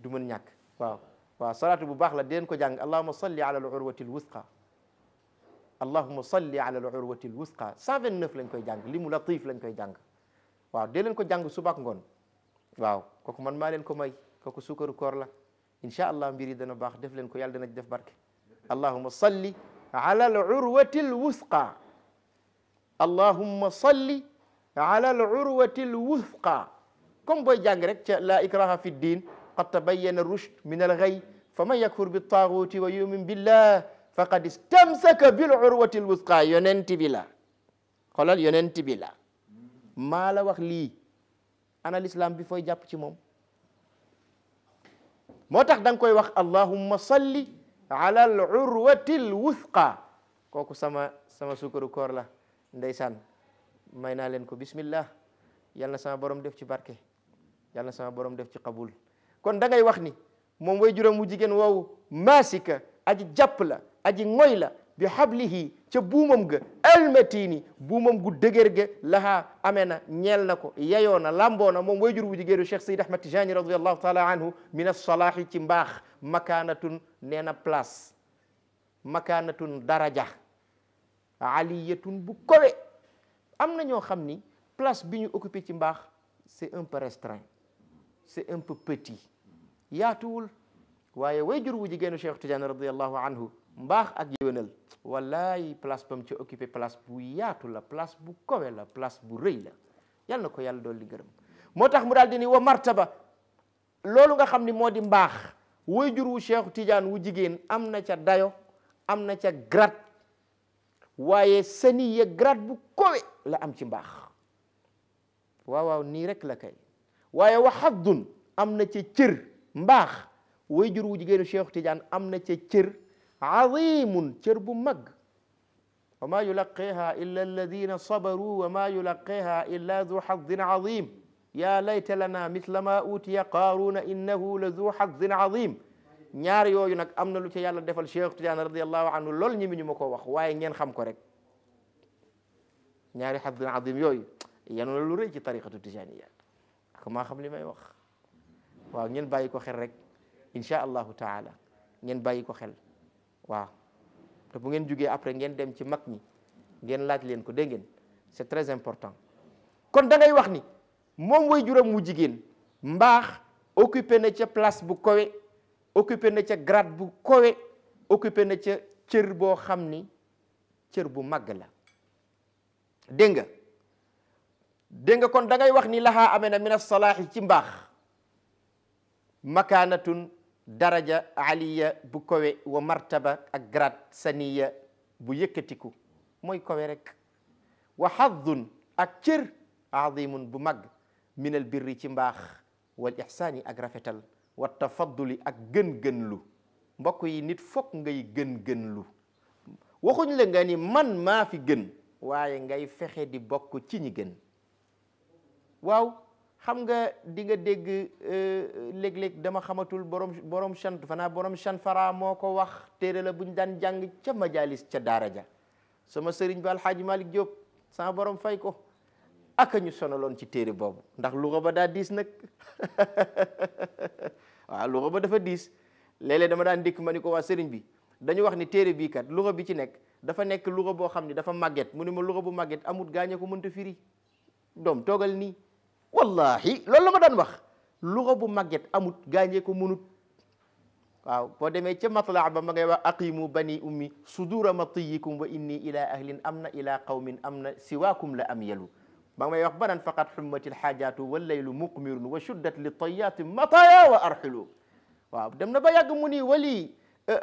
du mën ñàkk waaw waaw salaatu bu baax la deen ko jàng allahuma salli ala al urwati al wusqa allahuma salli ala al urwati al wusqa cent vingt neuf lañ koy jàng li mu latif lañ koy jàng waaw dee leen ko jàng subaak ngoon waaw kooku man maa leen ko may kooku suukaru koor la incha allah mbir yi dana baax def leen ko yàlla dana def barke allahuma salli ala al urwati al wusqa allahuma salli ala al urwati al wusqa comme booy jàng rek ca la ikraha fi ddin قد تبين الرشد من الغي فمن يكفر بالطاغوت ويؤمن بالله فقد استمسك بالعروة الوثقى يننتي بلا خلال يننتي بلا ما لا وخ لي انا الاسلام بي فاي جاب موم موتاخ دانكوي وخ اللهم صل على العروة الوثقى كوكو سما سما سكر كور لا ndaysan mayna len ko bismillah yalna sama borom def ci barke yalna sama borom def ci qabul kon da ngay wax ni moom way juróom wu jigéen woowu maasika aji jàpp la aji ngoy la bi hablihi ca buumam ga almatini buumam gu dëgër ga lahaa amee na ñeel na ko yeyoo na lamboo na moom way jur wu jigéenu Cheikh Seydi Ahmad Tijani radiallahu taala anhu min alsalaahi ci mbaax makaanatun nee na place makaanatun daraja aliyatun bu kowe am na ñoo xam ni place bi ñu occupé ci mbaax c'est un peu restreint c'est un peu petit yaatuwul waaye way jurwu wu jigéenu Cheikh Tidiane radiallahu anhu mbaax ak yéwénal wallaay place bam ci occupé place bu yaatu la place bu kowe la place bu rëy la yal na ko yàlla dool li gërëm moo tax mu daal di ni wa martaba loolu nga xam ni moo di mbaax woy jur wu Cheikh wu jigéen am na ca dayo am na ca grade waaye seni ya grade bu kowe la am ci mbaax waaw waaw nii rek la kay waaye waxadun am na ca cër mbaax way jur wu jigéenu Cheikh Tidiane am na ca cër azimun cër bu mag wa maa yulaqiha illa alladina sabaru wa maa yulaqiha illa du xadin azim yaa layta lana misla ma utiya qaaruna innahu la du xadin azim ñaar yooyu nag am na lu ca yàlla defal Cheikh Tidiane radiallahu anhu lool ñi mi ñu ma ko wax waaye ngeen xam ko rek ñaari xadin azim yooyu yanu na lu rëy ci tariqatu tijaniya maa xam li may wax waaw ngeen bàyyi ko xel rek incha allahu taala ngeen bàyyi ko xel waaw te bu ngeen jugee après ngeen dem ci mag ñi ngeen laaj leen ko dégg ngeen c'est très important kon da ngay wax ni moom way juram mu jigéen mbaax occupé na ca place bu kowe occupé na ca grade bu kowe occupé na ca cër boo xam ni cër bu màgg la dégg nga dégg kon da ngay wax ni laha amena min as-salah ci mbax makanatun daraja aliya bu kowe wa martaba ak grad saniya bu yëkkatiku moy kowe rek wa hadhun ak cër azimun bu mag min al birri ci mbax wal ixsaani ak rafetal wa tafaddul ak gën-gën lu mbokk yi nit fokk ngay gën-gën lu waxuñ la nga ni man ma fi gën waye ngay fexé di bokku ci ñi gën waaw xam nga di nga dégg euh, euh, léeg-léeg dama xamatul borom borom chan fanaa borom chan fara moo ko wax téere la bu ñu daan jàng ca majalis ca daara ja sama sëriñ ba alxaaji Malick Diop sama borom fay ko aka ñu sonaloon ci téere boobu ndax luxa ba daa nag [LAUGHS] waaw luxa ba dafa diis léeg dama daan dikk ma ni ko waa sëriñ bi dañu wax ni téere bii kat luxa bi ci nekk dafa nekk luxa boo xam ne dafa màgget mu ne ma luxa bu màgget amut gaañ ko mënta firi doom toogal nii wallahi loolu la ma daan wax luxa bu màgget amut gaañee ko mënut waaw boo demee ca matlaa ba ma ngay wax aqimu bani ummi sudura matiyikum wa inni ila ahlin am na ila qawmin am na siwaakum la am yelu ma ngay wax banan faqat xummatil xaajaatu wallaylu muqmirun wa shuddat li tayaati mataya wa arxilu waaw dem na ba yàgg mu ni wali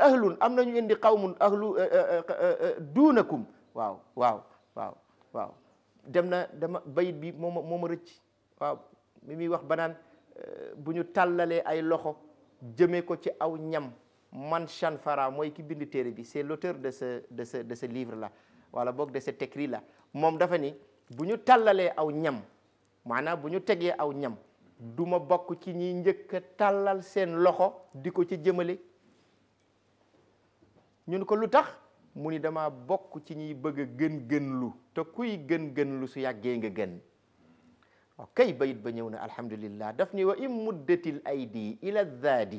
ahlun am nañu indi qawmun ahlu eh, eh, eh, duunakum waaw waaw waaw waaw dem na dama bayit bi mooma mooma rëcc waaw mi muy wax banaan euh, bu ñu tàllalee ay loxo jëmee ko ci aw ñam man chan mooy ki bind téere bi c'est l'auteur de ce de ce de ce livre là wala boog de cet écrit là moom dafa ni bu ñu tàllalee aw ñam maanaam bu ñu tegee aw ñam duma bokk ci ñiy njëkk a tàllal seen loxo di ko ci jëmale ñun ko lu tax mu ni dama bokk ci ñuy bëgg gën gën lu te kuy gën gën lu su yàggee nga gën كي بيت بنيونا الحمد لله دفني وإن مدت الأيدي إلى الذاد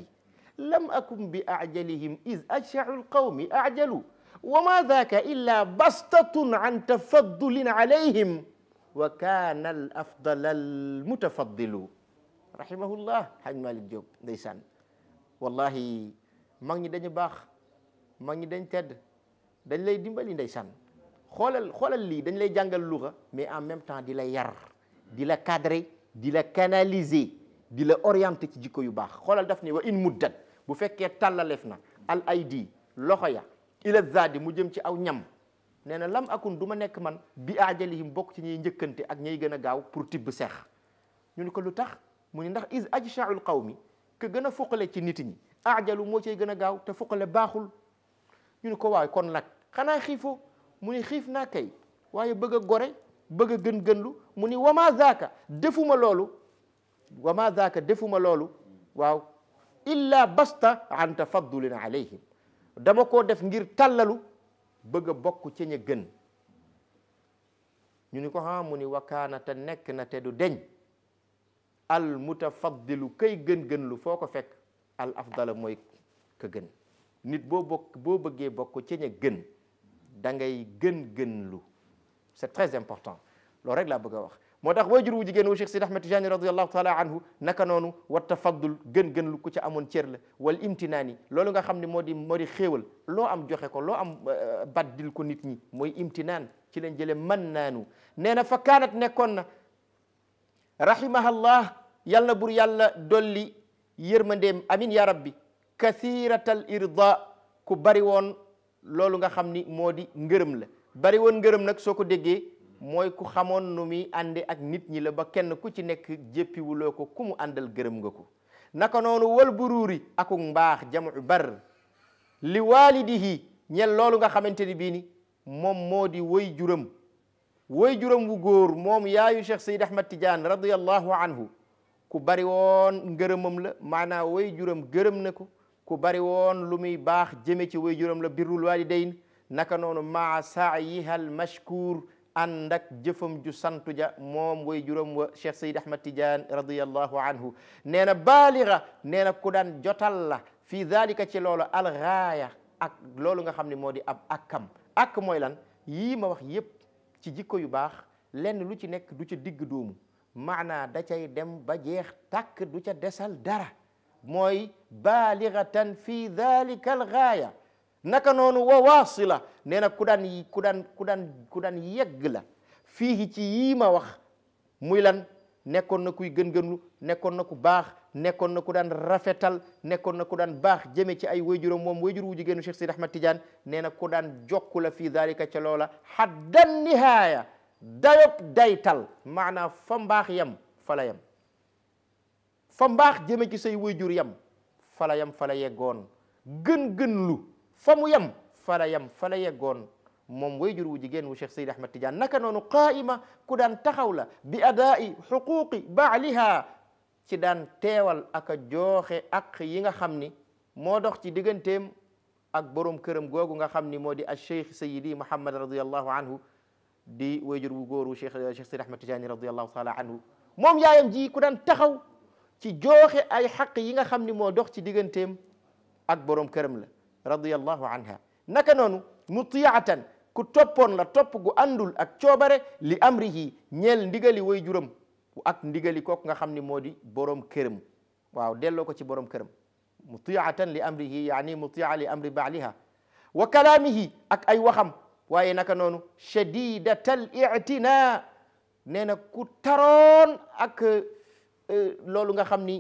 لم أكن بأعجلهم إذ أشع القوم أعجلوا وما ذاك إلا بسطة عن تفضل عليهم وكان الأفضل المتفضل رحمه الله حجم الجوب ديسان والله ماني دنج باخ ماني دنج تد دنج لي ديمبالي ديسان خولال خولال لي دنج لي جانغال لغه مي ان ميم تان دي لا يار di la cadrer di la canaliser di la orienter ci jikko yu baax xoolal daf ni wa in muddat bu fekkee tàllalef na al aidi loxo ya ila zadi mu jëm ci aw ñam nee na lam akun du ma nekk man bi aajalihim bokk ci ñuy njëkkante ak ñay gën a gaaw pour tibb seex ñu ni ko lu tax mu ni ndax is ajsha'ul qawmi ke gën a fuqale ci nit ñi aajalu moo cay gën a gaaw te fuqale baaxul ñu ni ko waaw kon nag xanaa xiifoo mu ni xiif naa kay waaye bëgg a gore bëgg a gën gënlu mu ni wama zaaka defuma loolu wama defuma loolu waaw illa basta an tafaddulin alayhim dama ko def ngir tàllalu bëgg a bokk gën ñu ni ko ha mu ni wakaana te nekk na te du deñ al mutafaddilu kay gën gën lu foo ko fekk al afdala mooy ka gën nit boo bëggee bokk ci gën dangay gën gën lu c'est très important lo rek la bëgg wax motax tax waajur wu jigéen wu Cheikh Sidi Ahmed Tijaani radiyallahu taala anhu naka nonu wa tafaddul gën gën lu ku ci amoon cier la wal imtinani lolu nga xamni modi modi di moo xéewal loo am joxe ko lo am badil ko nit ñi moy imtinan ci lañ jële man naanu nee fa kanat nekkon na rahimahallah yal bur yàlla dolli yermandem amin ya rabbi kasiratal irda ku bari won lolu nga xamni modi moo la bari woon ngërëm nag soo ko déggee mooy ku xamoon nu muy ànde ak nit ñi la ba kenn ku ci nekk jéppiwuloo ko ku mu àndal gërëm nga ko naka noonu wal buruuri akuk mbaax jamu bar li waalidihi ñel loolu nga xamante ni bii ni moom moo di woy juram woy juram wu góor moom yaayu Cheikh Seyd Ahmad Tidiane radiallahu anhu ku bari woon ngërëmam la maanaa woy juram gërëm na ko ku bari woon lu muy baax jëme ci woy juram la birrul waalidayn naka noonu maa saayiha al mashkur andak jeufum ju santu ja mom way juróom wa Cheikh sayyid Ahmad Tidiane radiyallahu anhu neena baligha neena ku dan jotal la fi dalika ci lolo al gaaya ak lolo nga xamni modi ab akam ak moy lan yi ma wax yeb ci jikko yu bax len lu ci nek du ci dig doomu معنى da دم بجيخ تاك jeex دسال دارا موي بالغة في ذلك الغاية naka noonu wa waasila nee na ku daan ku daan ku daan ku daan yegg la fii ci yii ma wax muy lan nekkoon na kuy gën-gënlu nekkoon na ku baax nekkoon na ku daan rafetal nekkoon na ku daan baax jëme ci ay wayjuram moom wayjur wu jigéenu Cheikh Sidi Ahmad Tidiane nee na ku daan jokku la fii dalika ca loola xaddan nihaaya dayob daytal maanaam fa mbaax yam yam fa mbaax jëme ci say wayjur yam fala yam fala yeggoon gën-gënlu fa mu yem fala yam yem fa la yeggoon moom way jur wu jigéen wu Cheikh Seydi Ahmad Tidiane naka noonu qaa'ima ku daan taxaw la bi adaa'i ba baaliha ci daan teewal aka a jooxe ak yi nga xam ni moo dox ci digganteem ak borom këram googu nga xam ni moo di al Cheikh Seydi Mouhamed radiyallahu anhu di way jur wu góoru Cheikh Cheikh Seydi Ahmad Tidiane radiyallahu taala anhu moom yaayam ji ku daan taxaw ci jooxe ay xaq yi nga xam ni moo dox ci digganteem ak borom këram la radiyallahu anha naka noonu mutiyaatan ku toppoon la topp gu àndul ak coobare li amrihi ñeel ndigali way juram ak ndigali kooku nga xam ni moo di borom këram waw delloo ko ci borom këram mutiyaatan li amrihi yaani mutiya li amri baaliha wa kalaamihi ak ay waxam waaye naka noonu shadidatal i'tina nee na ku taroon ak eh, loolu nga xam ni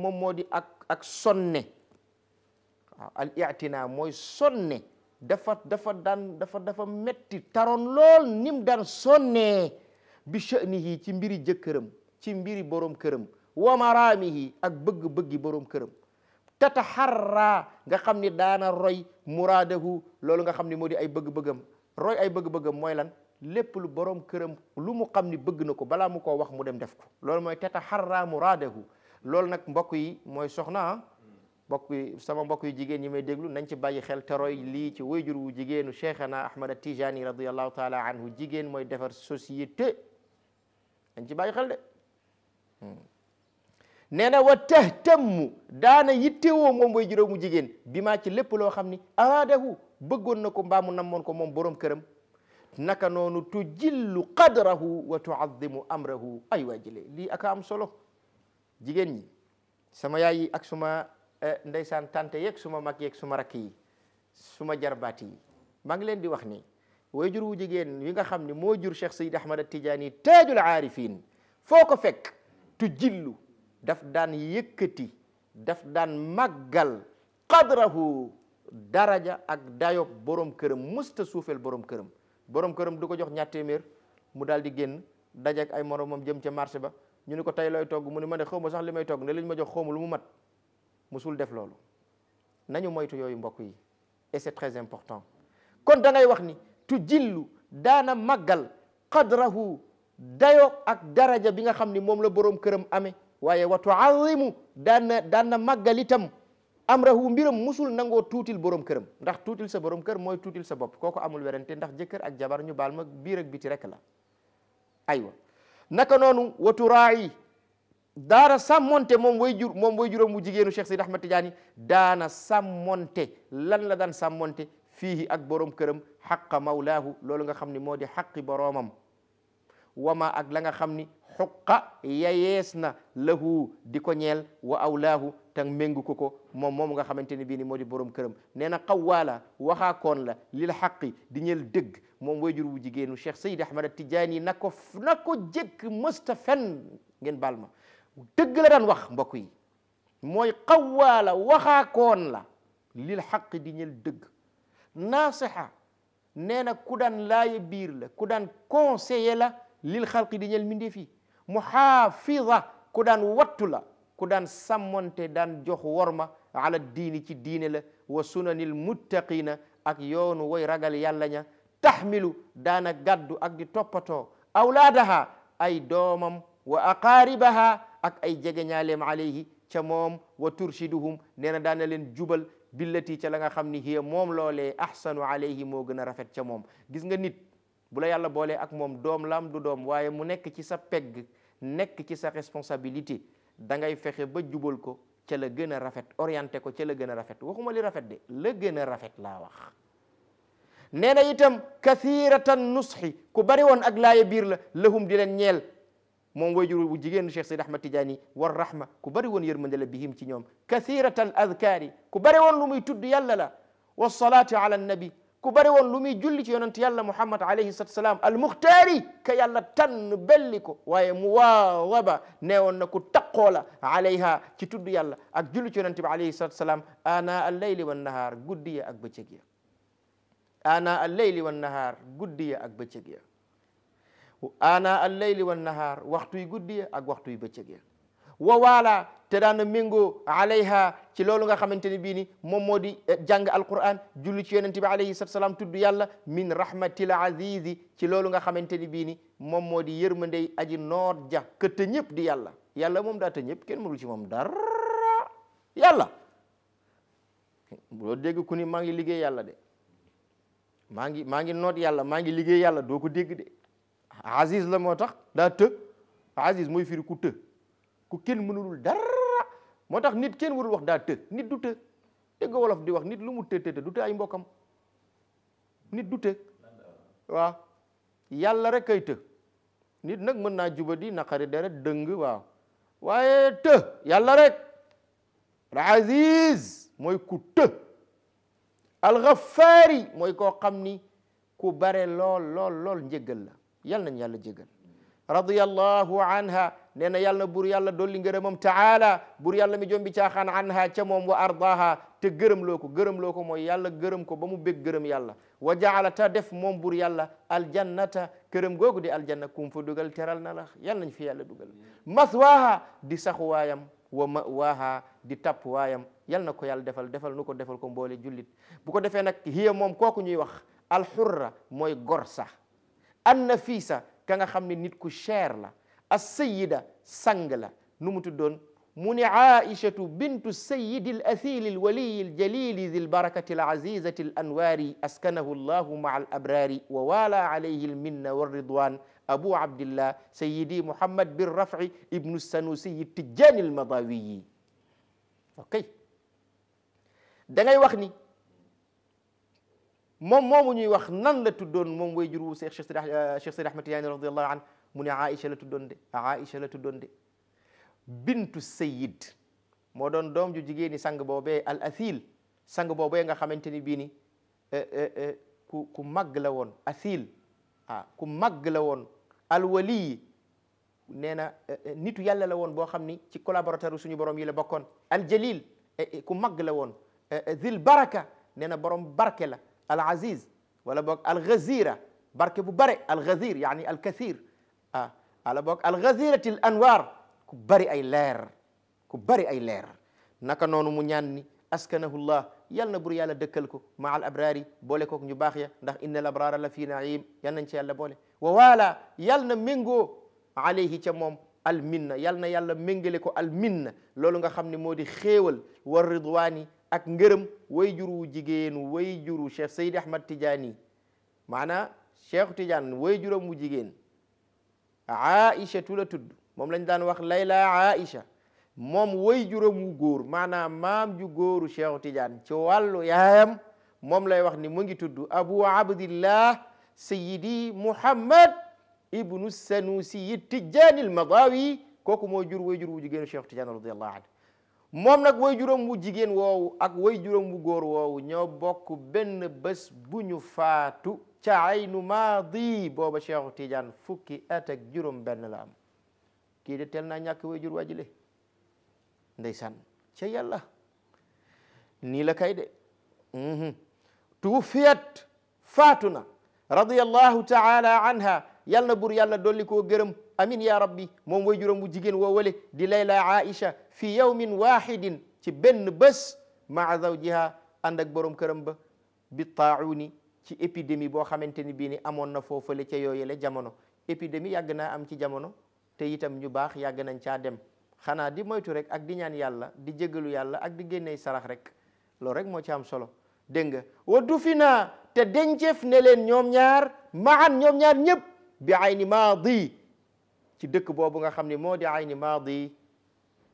moom moo ak sonne waaw al itina mooy sonne dafa dafa dan dafa dafa metti taroon lool nim daan sonnee bi sha'nihi ci mbiri jëkkëram ci mbiri borom këram wa maraamihi ak bëgg-bëggi borom këram tataxarra nga xam ni daana roy muraadahu loolu nga xam ni moo di ay bëgg-bëggam roy ay bëgg-bëggam mooy lan lépp lu borom këram lu mu xam ni bëgg na ko balaa mu ko wax mu dem def ko loolu mooy tataxarra muraadahu loolu nag mbokk yi mooy soxna mbokk sama mbokk yu jigéen ñi may déglu nañ ci bàyyi xel te lii ci wayjur wu jigéenu cheikhana ahmad atijani radiallahu taala anhu jigéen mooy defar société nañ ci bàyyi xel de hmm. nee na wa tahtammu daana yittewoo moom wayjuróom mu jigéen bi maa ci lépp loo xam ni araadahu bëggoon na ko mbaamu namoon ko moom borom këram naka noonu tujillu qadrahu wa tuazimu amrahu ay waajile lii aka am solo jigéen ñi sama yaay yi Eh, ndeysaan tante yeeg suma mag yeeg suma rakki suma jarbaat yi maa leen di wax ni waajur wu jigéen wi nga xam ni moo jur Cheikh Seydi Ahmad Tijaani taajul aarifin foo ko fekk tu jillu daf daan yëkkati daf daan màggal qadrahu daraja ak dayob borom këram musta suufeel borom këram borom këram du ko jox ñaar téeméer mu daal di génn dajeek ay moromam jëm ca marché ba ñu ne ko tey looy togg mu ne ma ne xaw ma sax li may togg ne li ma jox xawma lu mu mat musul def lolu nañu moytu yoyu mbokk yi et c'est très important kon da ngay wax ni tu jillu dana magal qadrahu dayo ak daraja bi nga xamni ni moom la borom kërëm amé waye wa tuazimu dana dana magal itam amrahu mbiram musul nango tutil borom kërëm ndax tutil sa borom kër moy tutil sa bop koko amul werante ndax jëkër ak jabar ñu baal ma biir ak biti rek la aywa naka nonu wa daana sàmmonte moom way jur moom way juróom wu jigéenu Cheikh Sidi Ahmad Tidiane daana sàmmonte lan la daan sàmmonte fii ak borom këram xaqa mawlaahu loolu nga xam ni moo di xaqi boroomam wama ak la nga xam ni xuqa yayees na lahu di ko ñeel wa awlaahu tang méngu ko ko moom moom nga xamante ni bii ni moo di borom këram nee na xawaala waxaakoon la lil xaqi di ñeel dëgg moom way jur wu jigéenu Cheikh Sidi Ahmad Tidiane na ko na ko jëkk mësta fen ngeen baal ma dëgg la daan wax mbokk yi mooy xawwaa la waxaakoon la lil xaq di ñel dëgg naasixa nee na ku daan laaye biir la ku daan conseiller la lil xalqi di ñel mindee fii muxaafida ku daan wattu la ku daan sàmmonte daan jox worma ala diini ci diine la wa sunanil muttaqina ak yoonu way ragal yàlla ña taxmilu daana gàddu ak di toppatoo awlaadaha ay doomam wa aqaaribaha ak ay jegeñaaleem alayhi ca mom wa turshiduhum neena daana jubal billati ca la nga xamni ni hiya moom ahsanu alayhi mo gëna rafet ca mom gis nga nit bu la yàlla bolé ak mom dom lam du dom waye mu nek ci sa pegg nek ci sa responsabilité da ngay fexe ba jubal ko ca la gëna rafet orienté ko ca la gëna rafet waxuma li rafet de le gëna rafet la wax nee itam kathiratan nushi ku bari won ak laye bir la lehum di leen moom wayjur bu jigéenu Cheikh Seydi Ahmad Tidiane war rahma ku bari woon yërmande bi bihim ci ñoom ka kathirat al adkaari ku bare won lu muy tudd yàlla la wa salaatu ala ku bari woon lu muy julli ci yonent yàlla muhammad alayhi salatu salaam al muxtaari ka yàlla tànn belli ko waaye mu waawaba nee woon na ku taqoo la ci tudd yàlla ak julli ci yonent bi alayhi salatu salaam ana al layli wan nahaar guddi ya ak bëccëg ya ana al-layli wan nahaar waxtuy ak waxtuy bëccëg ya wa waala te daana méngoo alayha ci loolu nga xamante ne bii ni moom moo di eh, jàng alquran julli ci yonente bi alayhi salatu salaam tudd yàlla min rahmatil azizi ci loolu nga xamante ni bii ni moom moo di yërmandey aji noot ja këtta ñëpp di yàlla yàlla moom daata ñëpp kenn mënul ci moom dara yàlla loo dégg ku ni maa ngi liggéey yàlla de maa ngi maa ngi noot yàlla maa ngi liggéey yàlla doo ko dégg de aziz la moo tax daa të aziz mooy firi ku të ku kenn mënulul dara moo tax nit kenn warul wax daa të nit du të dégg nga wolof di wax nit lu mu të të du të ay mbokkam nit du të waaw yàlla rek kay të nit nag mën naa di naqari deret dëng waaw waaye të yàlla rek aziz mooy ku të alxafaari mooy koo xam ni ku bare lool lool lool njëggal la yal nañ yàlla jégal radiyallahu anha nee na yàlla na buur yàlla dolli ngërëmam taala buur yàlla mi jombi caaxaan anha ca moom wa ardaha te gërëm loo ko gërëm ko mooy yàlla gërëm ko ba mu bég gërëm yàlla wa jaala ta def moom buur yàlla aljannata këram googu di aljanna kum fa dugal teral na la yàlla nañ fi yàlla dugal maswaaha di saxuwaayam wa mawaaha di tappuwaayam yal na ko yàlla defal defal nu ko defal ko mboole jullit bu ko defee nag hiya moom kooku ñuy wax alxurra mooy gor sax النفيسة كان خمني نتكو كو شير لا السيدة سانغلا نمت الدون من عائشة بنت السيد الأثيل الولي الجليل ذي البركة العزيزة الأنواري أسكنه الله مع الأبرار ووالى عليه المن والرضوان أبو عبد الله سيدي محمد بن رفع ابن السنوسي التجان المضاوي أوكي دعي وقني moom moomu ñuy wax nan la tuddoon moom way jur wu Cheikh Cheikh Sidi Cheikh Sidi Ahmed Tidiane radiyallahu an mu ne Aïcha la tuddoon de Aïcha la tuddoon de bintu Sayyid moo doon doom ju jigéen ñi sang boobee al athil sang ni bii ni ku ku màgg la woon athil ah ku màgg la woon alwali nee na nitu yàlla la woon boo xam ci collaborateur suñu borom yi la bokkoon aljalil ku màgg la woon zil baraka nee borom barke la العزيز ولا بوك الغزيره برك ببري الغزير يعني الكثير آه، على بوك الغزيره الانوار كبري اي لير كبري اي لير نكا نونو مو اسكنه الله يالنا بر يالا دكلكو مع الابرار بوليكو نيو باخيا ندخ ان الابرار لا في نعيم يالنا نتي يالا بولي ووالا يالنا مينغو عليه تي موم المن يالنا يالا مينغليكو المن لولوغا خامني مودي خيول والرضواني ak ngërëm way juru jigéenu way juru cheikh Seydi Ahmad Tidiane mana cheikh Tidiane way juram mu jigéen Aïcha tu la mom moom lañ daan wax Layla Aïcha moom way juram wu góor maanaam maam ju góoru cheikh Tidiane ci wàllu yaayam moom lay wax ni mu ngi tudd Abu Abdillah Sayyidi Muhammad ibnu Sanusi Tijaani al-Madawi kooku moo jur way jur wu jigéenu cheikh Tidiane radiyallahu anhu moom nag way juróom wu jigéen woowu ak way juróom wu góor woowu ñoo bokk benn bés bu ñu faatu ca aynu maadi booba Cheikhu Tidiane fukki at ak juróom benn la am kii de tel na ñàkk way jur wajile ndeysaan ca yàlla nii la kay de uhuh. tuufiyat faatu na radiyallahu taala anha yalla bur yalla doli ko gërëm amin ya rabbi mom way juróom bu wo woowale di layla aisha fi yawmin wahidin ci ben bes ma zawjiha and ak borom këram ba bi ta'uni ci épidémie bo xamanteni bi ni amon na fofele ci yoyele jamono épidémie yag na am ci jamono te itam ñu bax yag nañ ca dem xana di moytu rek ak di ñaan yalla di jéggelu yalla ak di génné sarax rek lo rek mo ci am solo denga. nga wa dufina te dencef ne len ñom ñaar maan ñom ñaar bi ayni maadi ci dëkk boobu nga xam ni moo di ayni maadi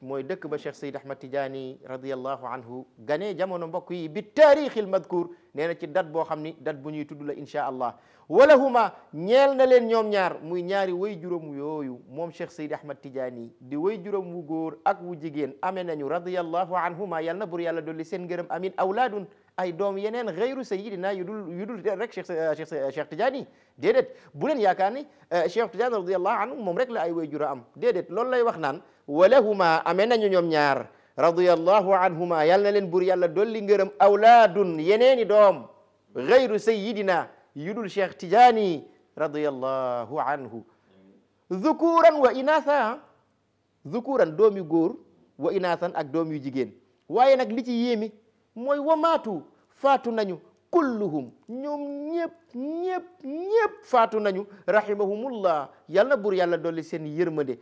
mooy dëkk ba Cheikh Seyd Ahmad Tidiane radiallahu anhu ganee jamono mbokk yi bi taarixil madkur nee na ci dat boo xam ni dat bu ñuy tudd la inchaa allah wala walahuma ñeel na leen ñoom ñaar muy ñaari way juróom yooyu moom Cheikh Seyd Ahmad Tidiane di way juróom wu góor ak wu jigéen amee nañu radiallahu anhuma yal na bur yàlla dolli seen ngërëm amin awlaadun ay doom yeneen xëyru sayidina yu dul yu dul rek Cheikh Cheikh Tidiane déedéet bu leen yaakaar ni Cheikh Tidiane radiallahu anhu moom rek la ay wayjura am déedéet loolu lay wax naan walahuma amee nañu ñoom ñaar radiallahu anhuma yal na leen bur yàlla dolli ngërëm awlaadun yeneeni doom xëyru sayidina yu Cheikh Tidiane radiallahu anhu dhukuran wa inatha dhukuran doom yu góor wa inathan ak doom yu jigéen moy wamatu fatu nañu kulluhum ñom ñëpp ñëpp ñëpp fatu nañu rahimahumullah yalna bur yàlla doli seen yërmande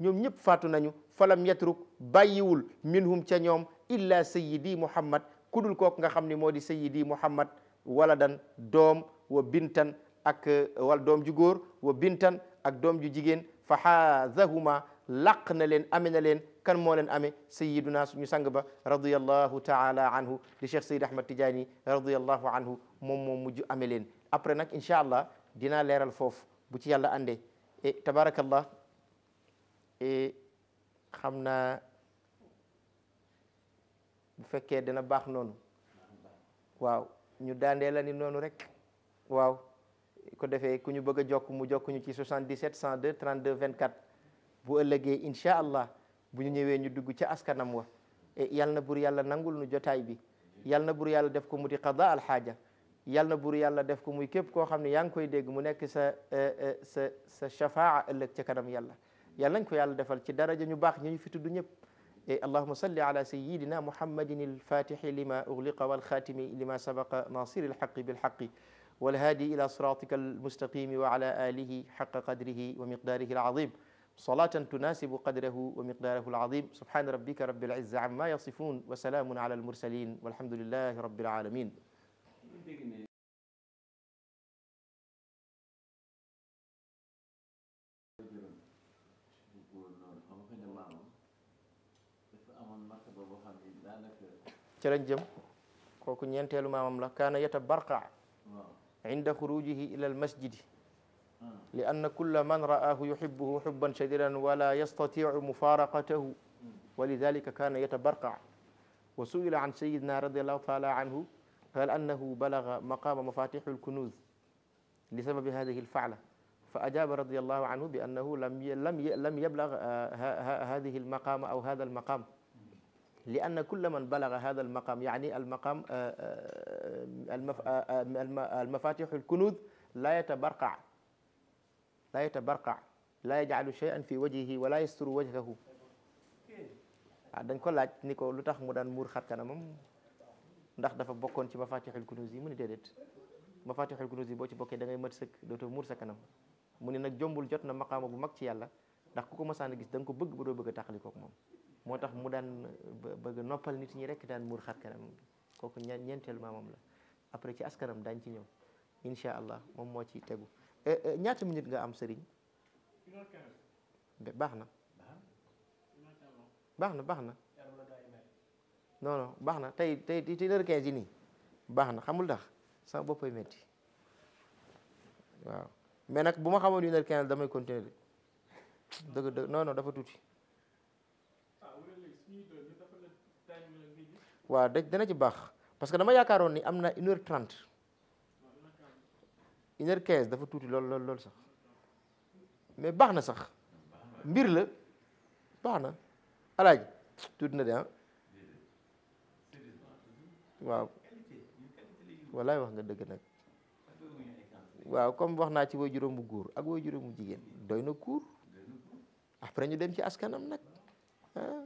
ñom ñëpp fatu nañu falam yatruk bayiwul minhum ca ñom illa sayyidi muhammad kudul kok nga xamni modi sayyidi muhammad waladan dom wa bintan ak wal dom ju gor wa bintan ak dom ju jigen fahazahuma xaazahuma laq na leen kan moo leen amee sayiduna suñu sang ba radiallahu taala anhu di cheikh sayid ahmad tidiane radiallahu anhu moom moo mujj amee leen après nag incha allah dinaa leeral foofu bu ci yàlla ande e tabarakallah e xam na bu fekkee dina baax noonu waaw ñu daandee la ni noonu rek waaw ko defee ku ñu bëgg a jokk mu jokk ñu ci 77 102 vingt 24 bu ëllëgee incha allah bu ñu ñëwee ñu dugg ci askanam wa yal na bur yàlla nangul nu jotay bi yalna bur yàlla def ko mu qada al haja yalna bur yàlla def ko muy kep ko xamni yang koy dégg mu nekk sa sa sa shafaa ëllëg ci kanam yàlla yal nañ ko yàlla defal ci daraja ñu bax ñu fi tuddu ñëpp اللهم صل على سيدنا محمد الفاتح لما أغلق والخاتم لما سبق ناصر الحق بالحق والهادي إلى صراطك المستقيم وعلى آله حق قدره ومقداره العظيم صلاة تناسب قدره ومقداره العظيم سبحان ربك رب العزة عما يصفون وسلام على المرسلين والحمد لله رب العالمين ci كوكو jëm kooku ñeenteelu maamam la kaana yata barqa لأن كل من رآه يحبه حبا شديدا ولا يستطيع مفارقته ولذلك كان يتبرقع وسئل عن سيدنا رضي الله تعالى عنه قال أنه بلغ مقام مفاتيح الكنوز لسبب هذه الفعلة فأجاب رضي الله عنه بأنه لم لم لم يبلغ آه، هذه المقام أو هذا المقام لأن كل من بلغ هذا المقام يعني المقام آه، آه، المفاتيح الكنوز لا يتبرقع laa yatabarqa laa yajcalu cheyan fi wajhihi wala yasturu wajhahu ah dañ ko laaj ni ko lu tax mu daan muur xar kanamam ndax dafa bokkoon ci mafatixul kunuuz yi mu ni déedéet mafatixul kunuuz yi boo ci bokkee da mat sëkk dootoo muur sa kanam mu ni nag jombul jot na maqaama bu mag ci yàlla ndax ku ko masaan a gis da ko bëgg ba doo bëgg a tàqalikook moom moo tax mu daan bëgg noppal nit ñi rek daan muur xar kanam kooku ñeenteelu maamam la après ci askanam daañ ci ñëw incha allah moom moo ci tegu Eh, eh, ñaata minute nga am sëriñ baax na baax na baax na non baax na tey tey tey une heure quinze yi nii baax na xamul dax sama boppay metti waaw mais nag bu ma xamoon une heure quinze damay continuer dëgg dëgg non dafa tuuti ah, waaw da dana ci baax parce que dama yaakaaroon ni am na une heure une heure quinze dafa tuuti lool lool lool sax mais baax na sax mbir la baax na alaaji tuuti na de ah. wax nga dëgg nag waaw comme wax naa ci way juróom góor ak way jigéen doy na kuur ñu dem ci askanam nag ah.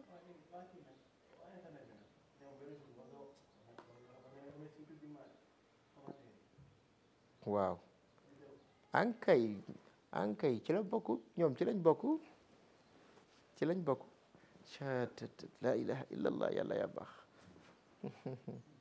waaw ankay ankay ci la bokk ñoom ci lañ bokk ci lañ bokk ca la ilaha illallah yàlla yaa baax [LAUGHS]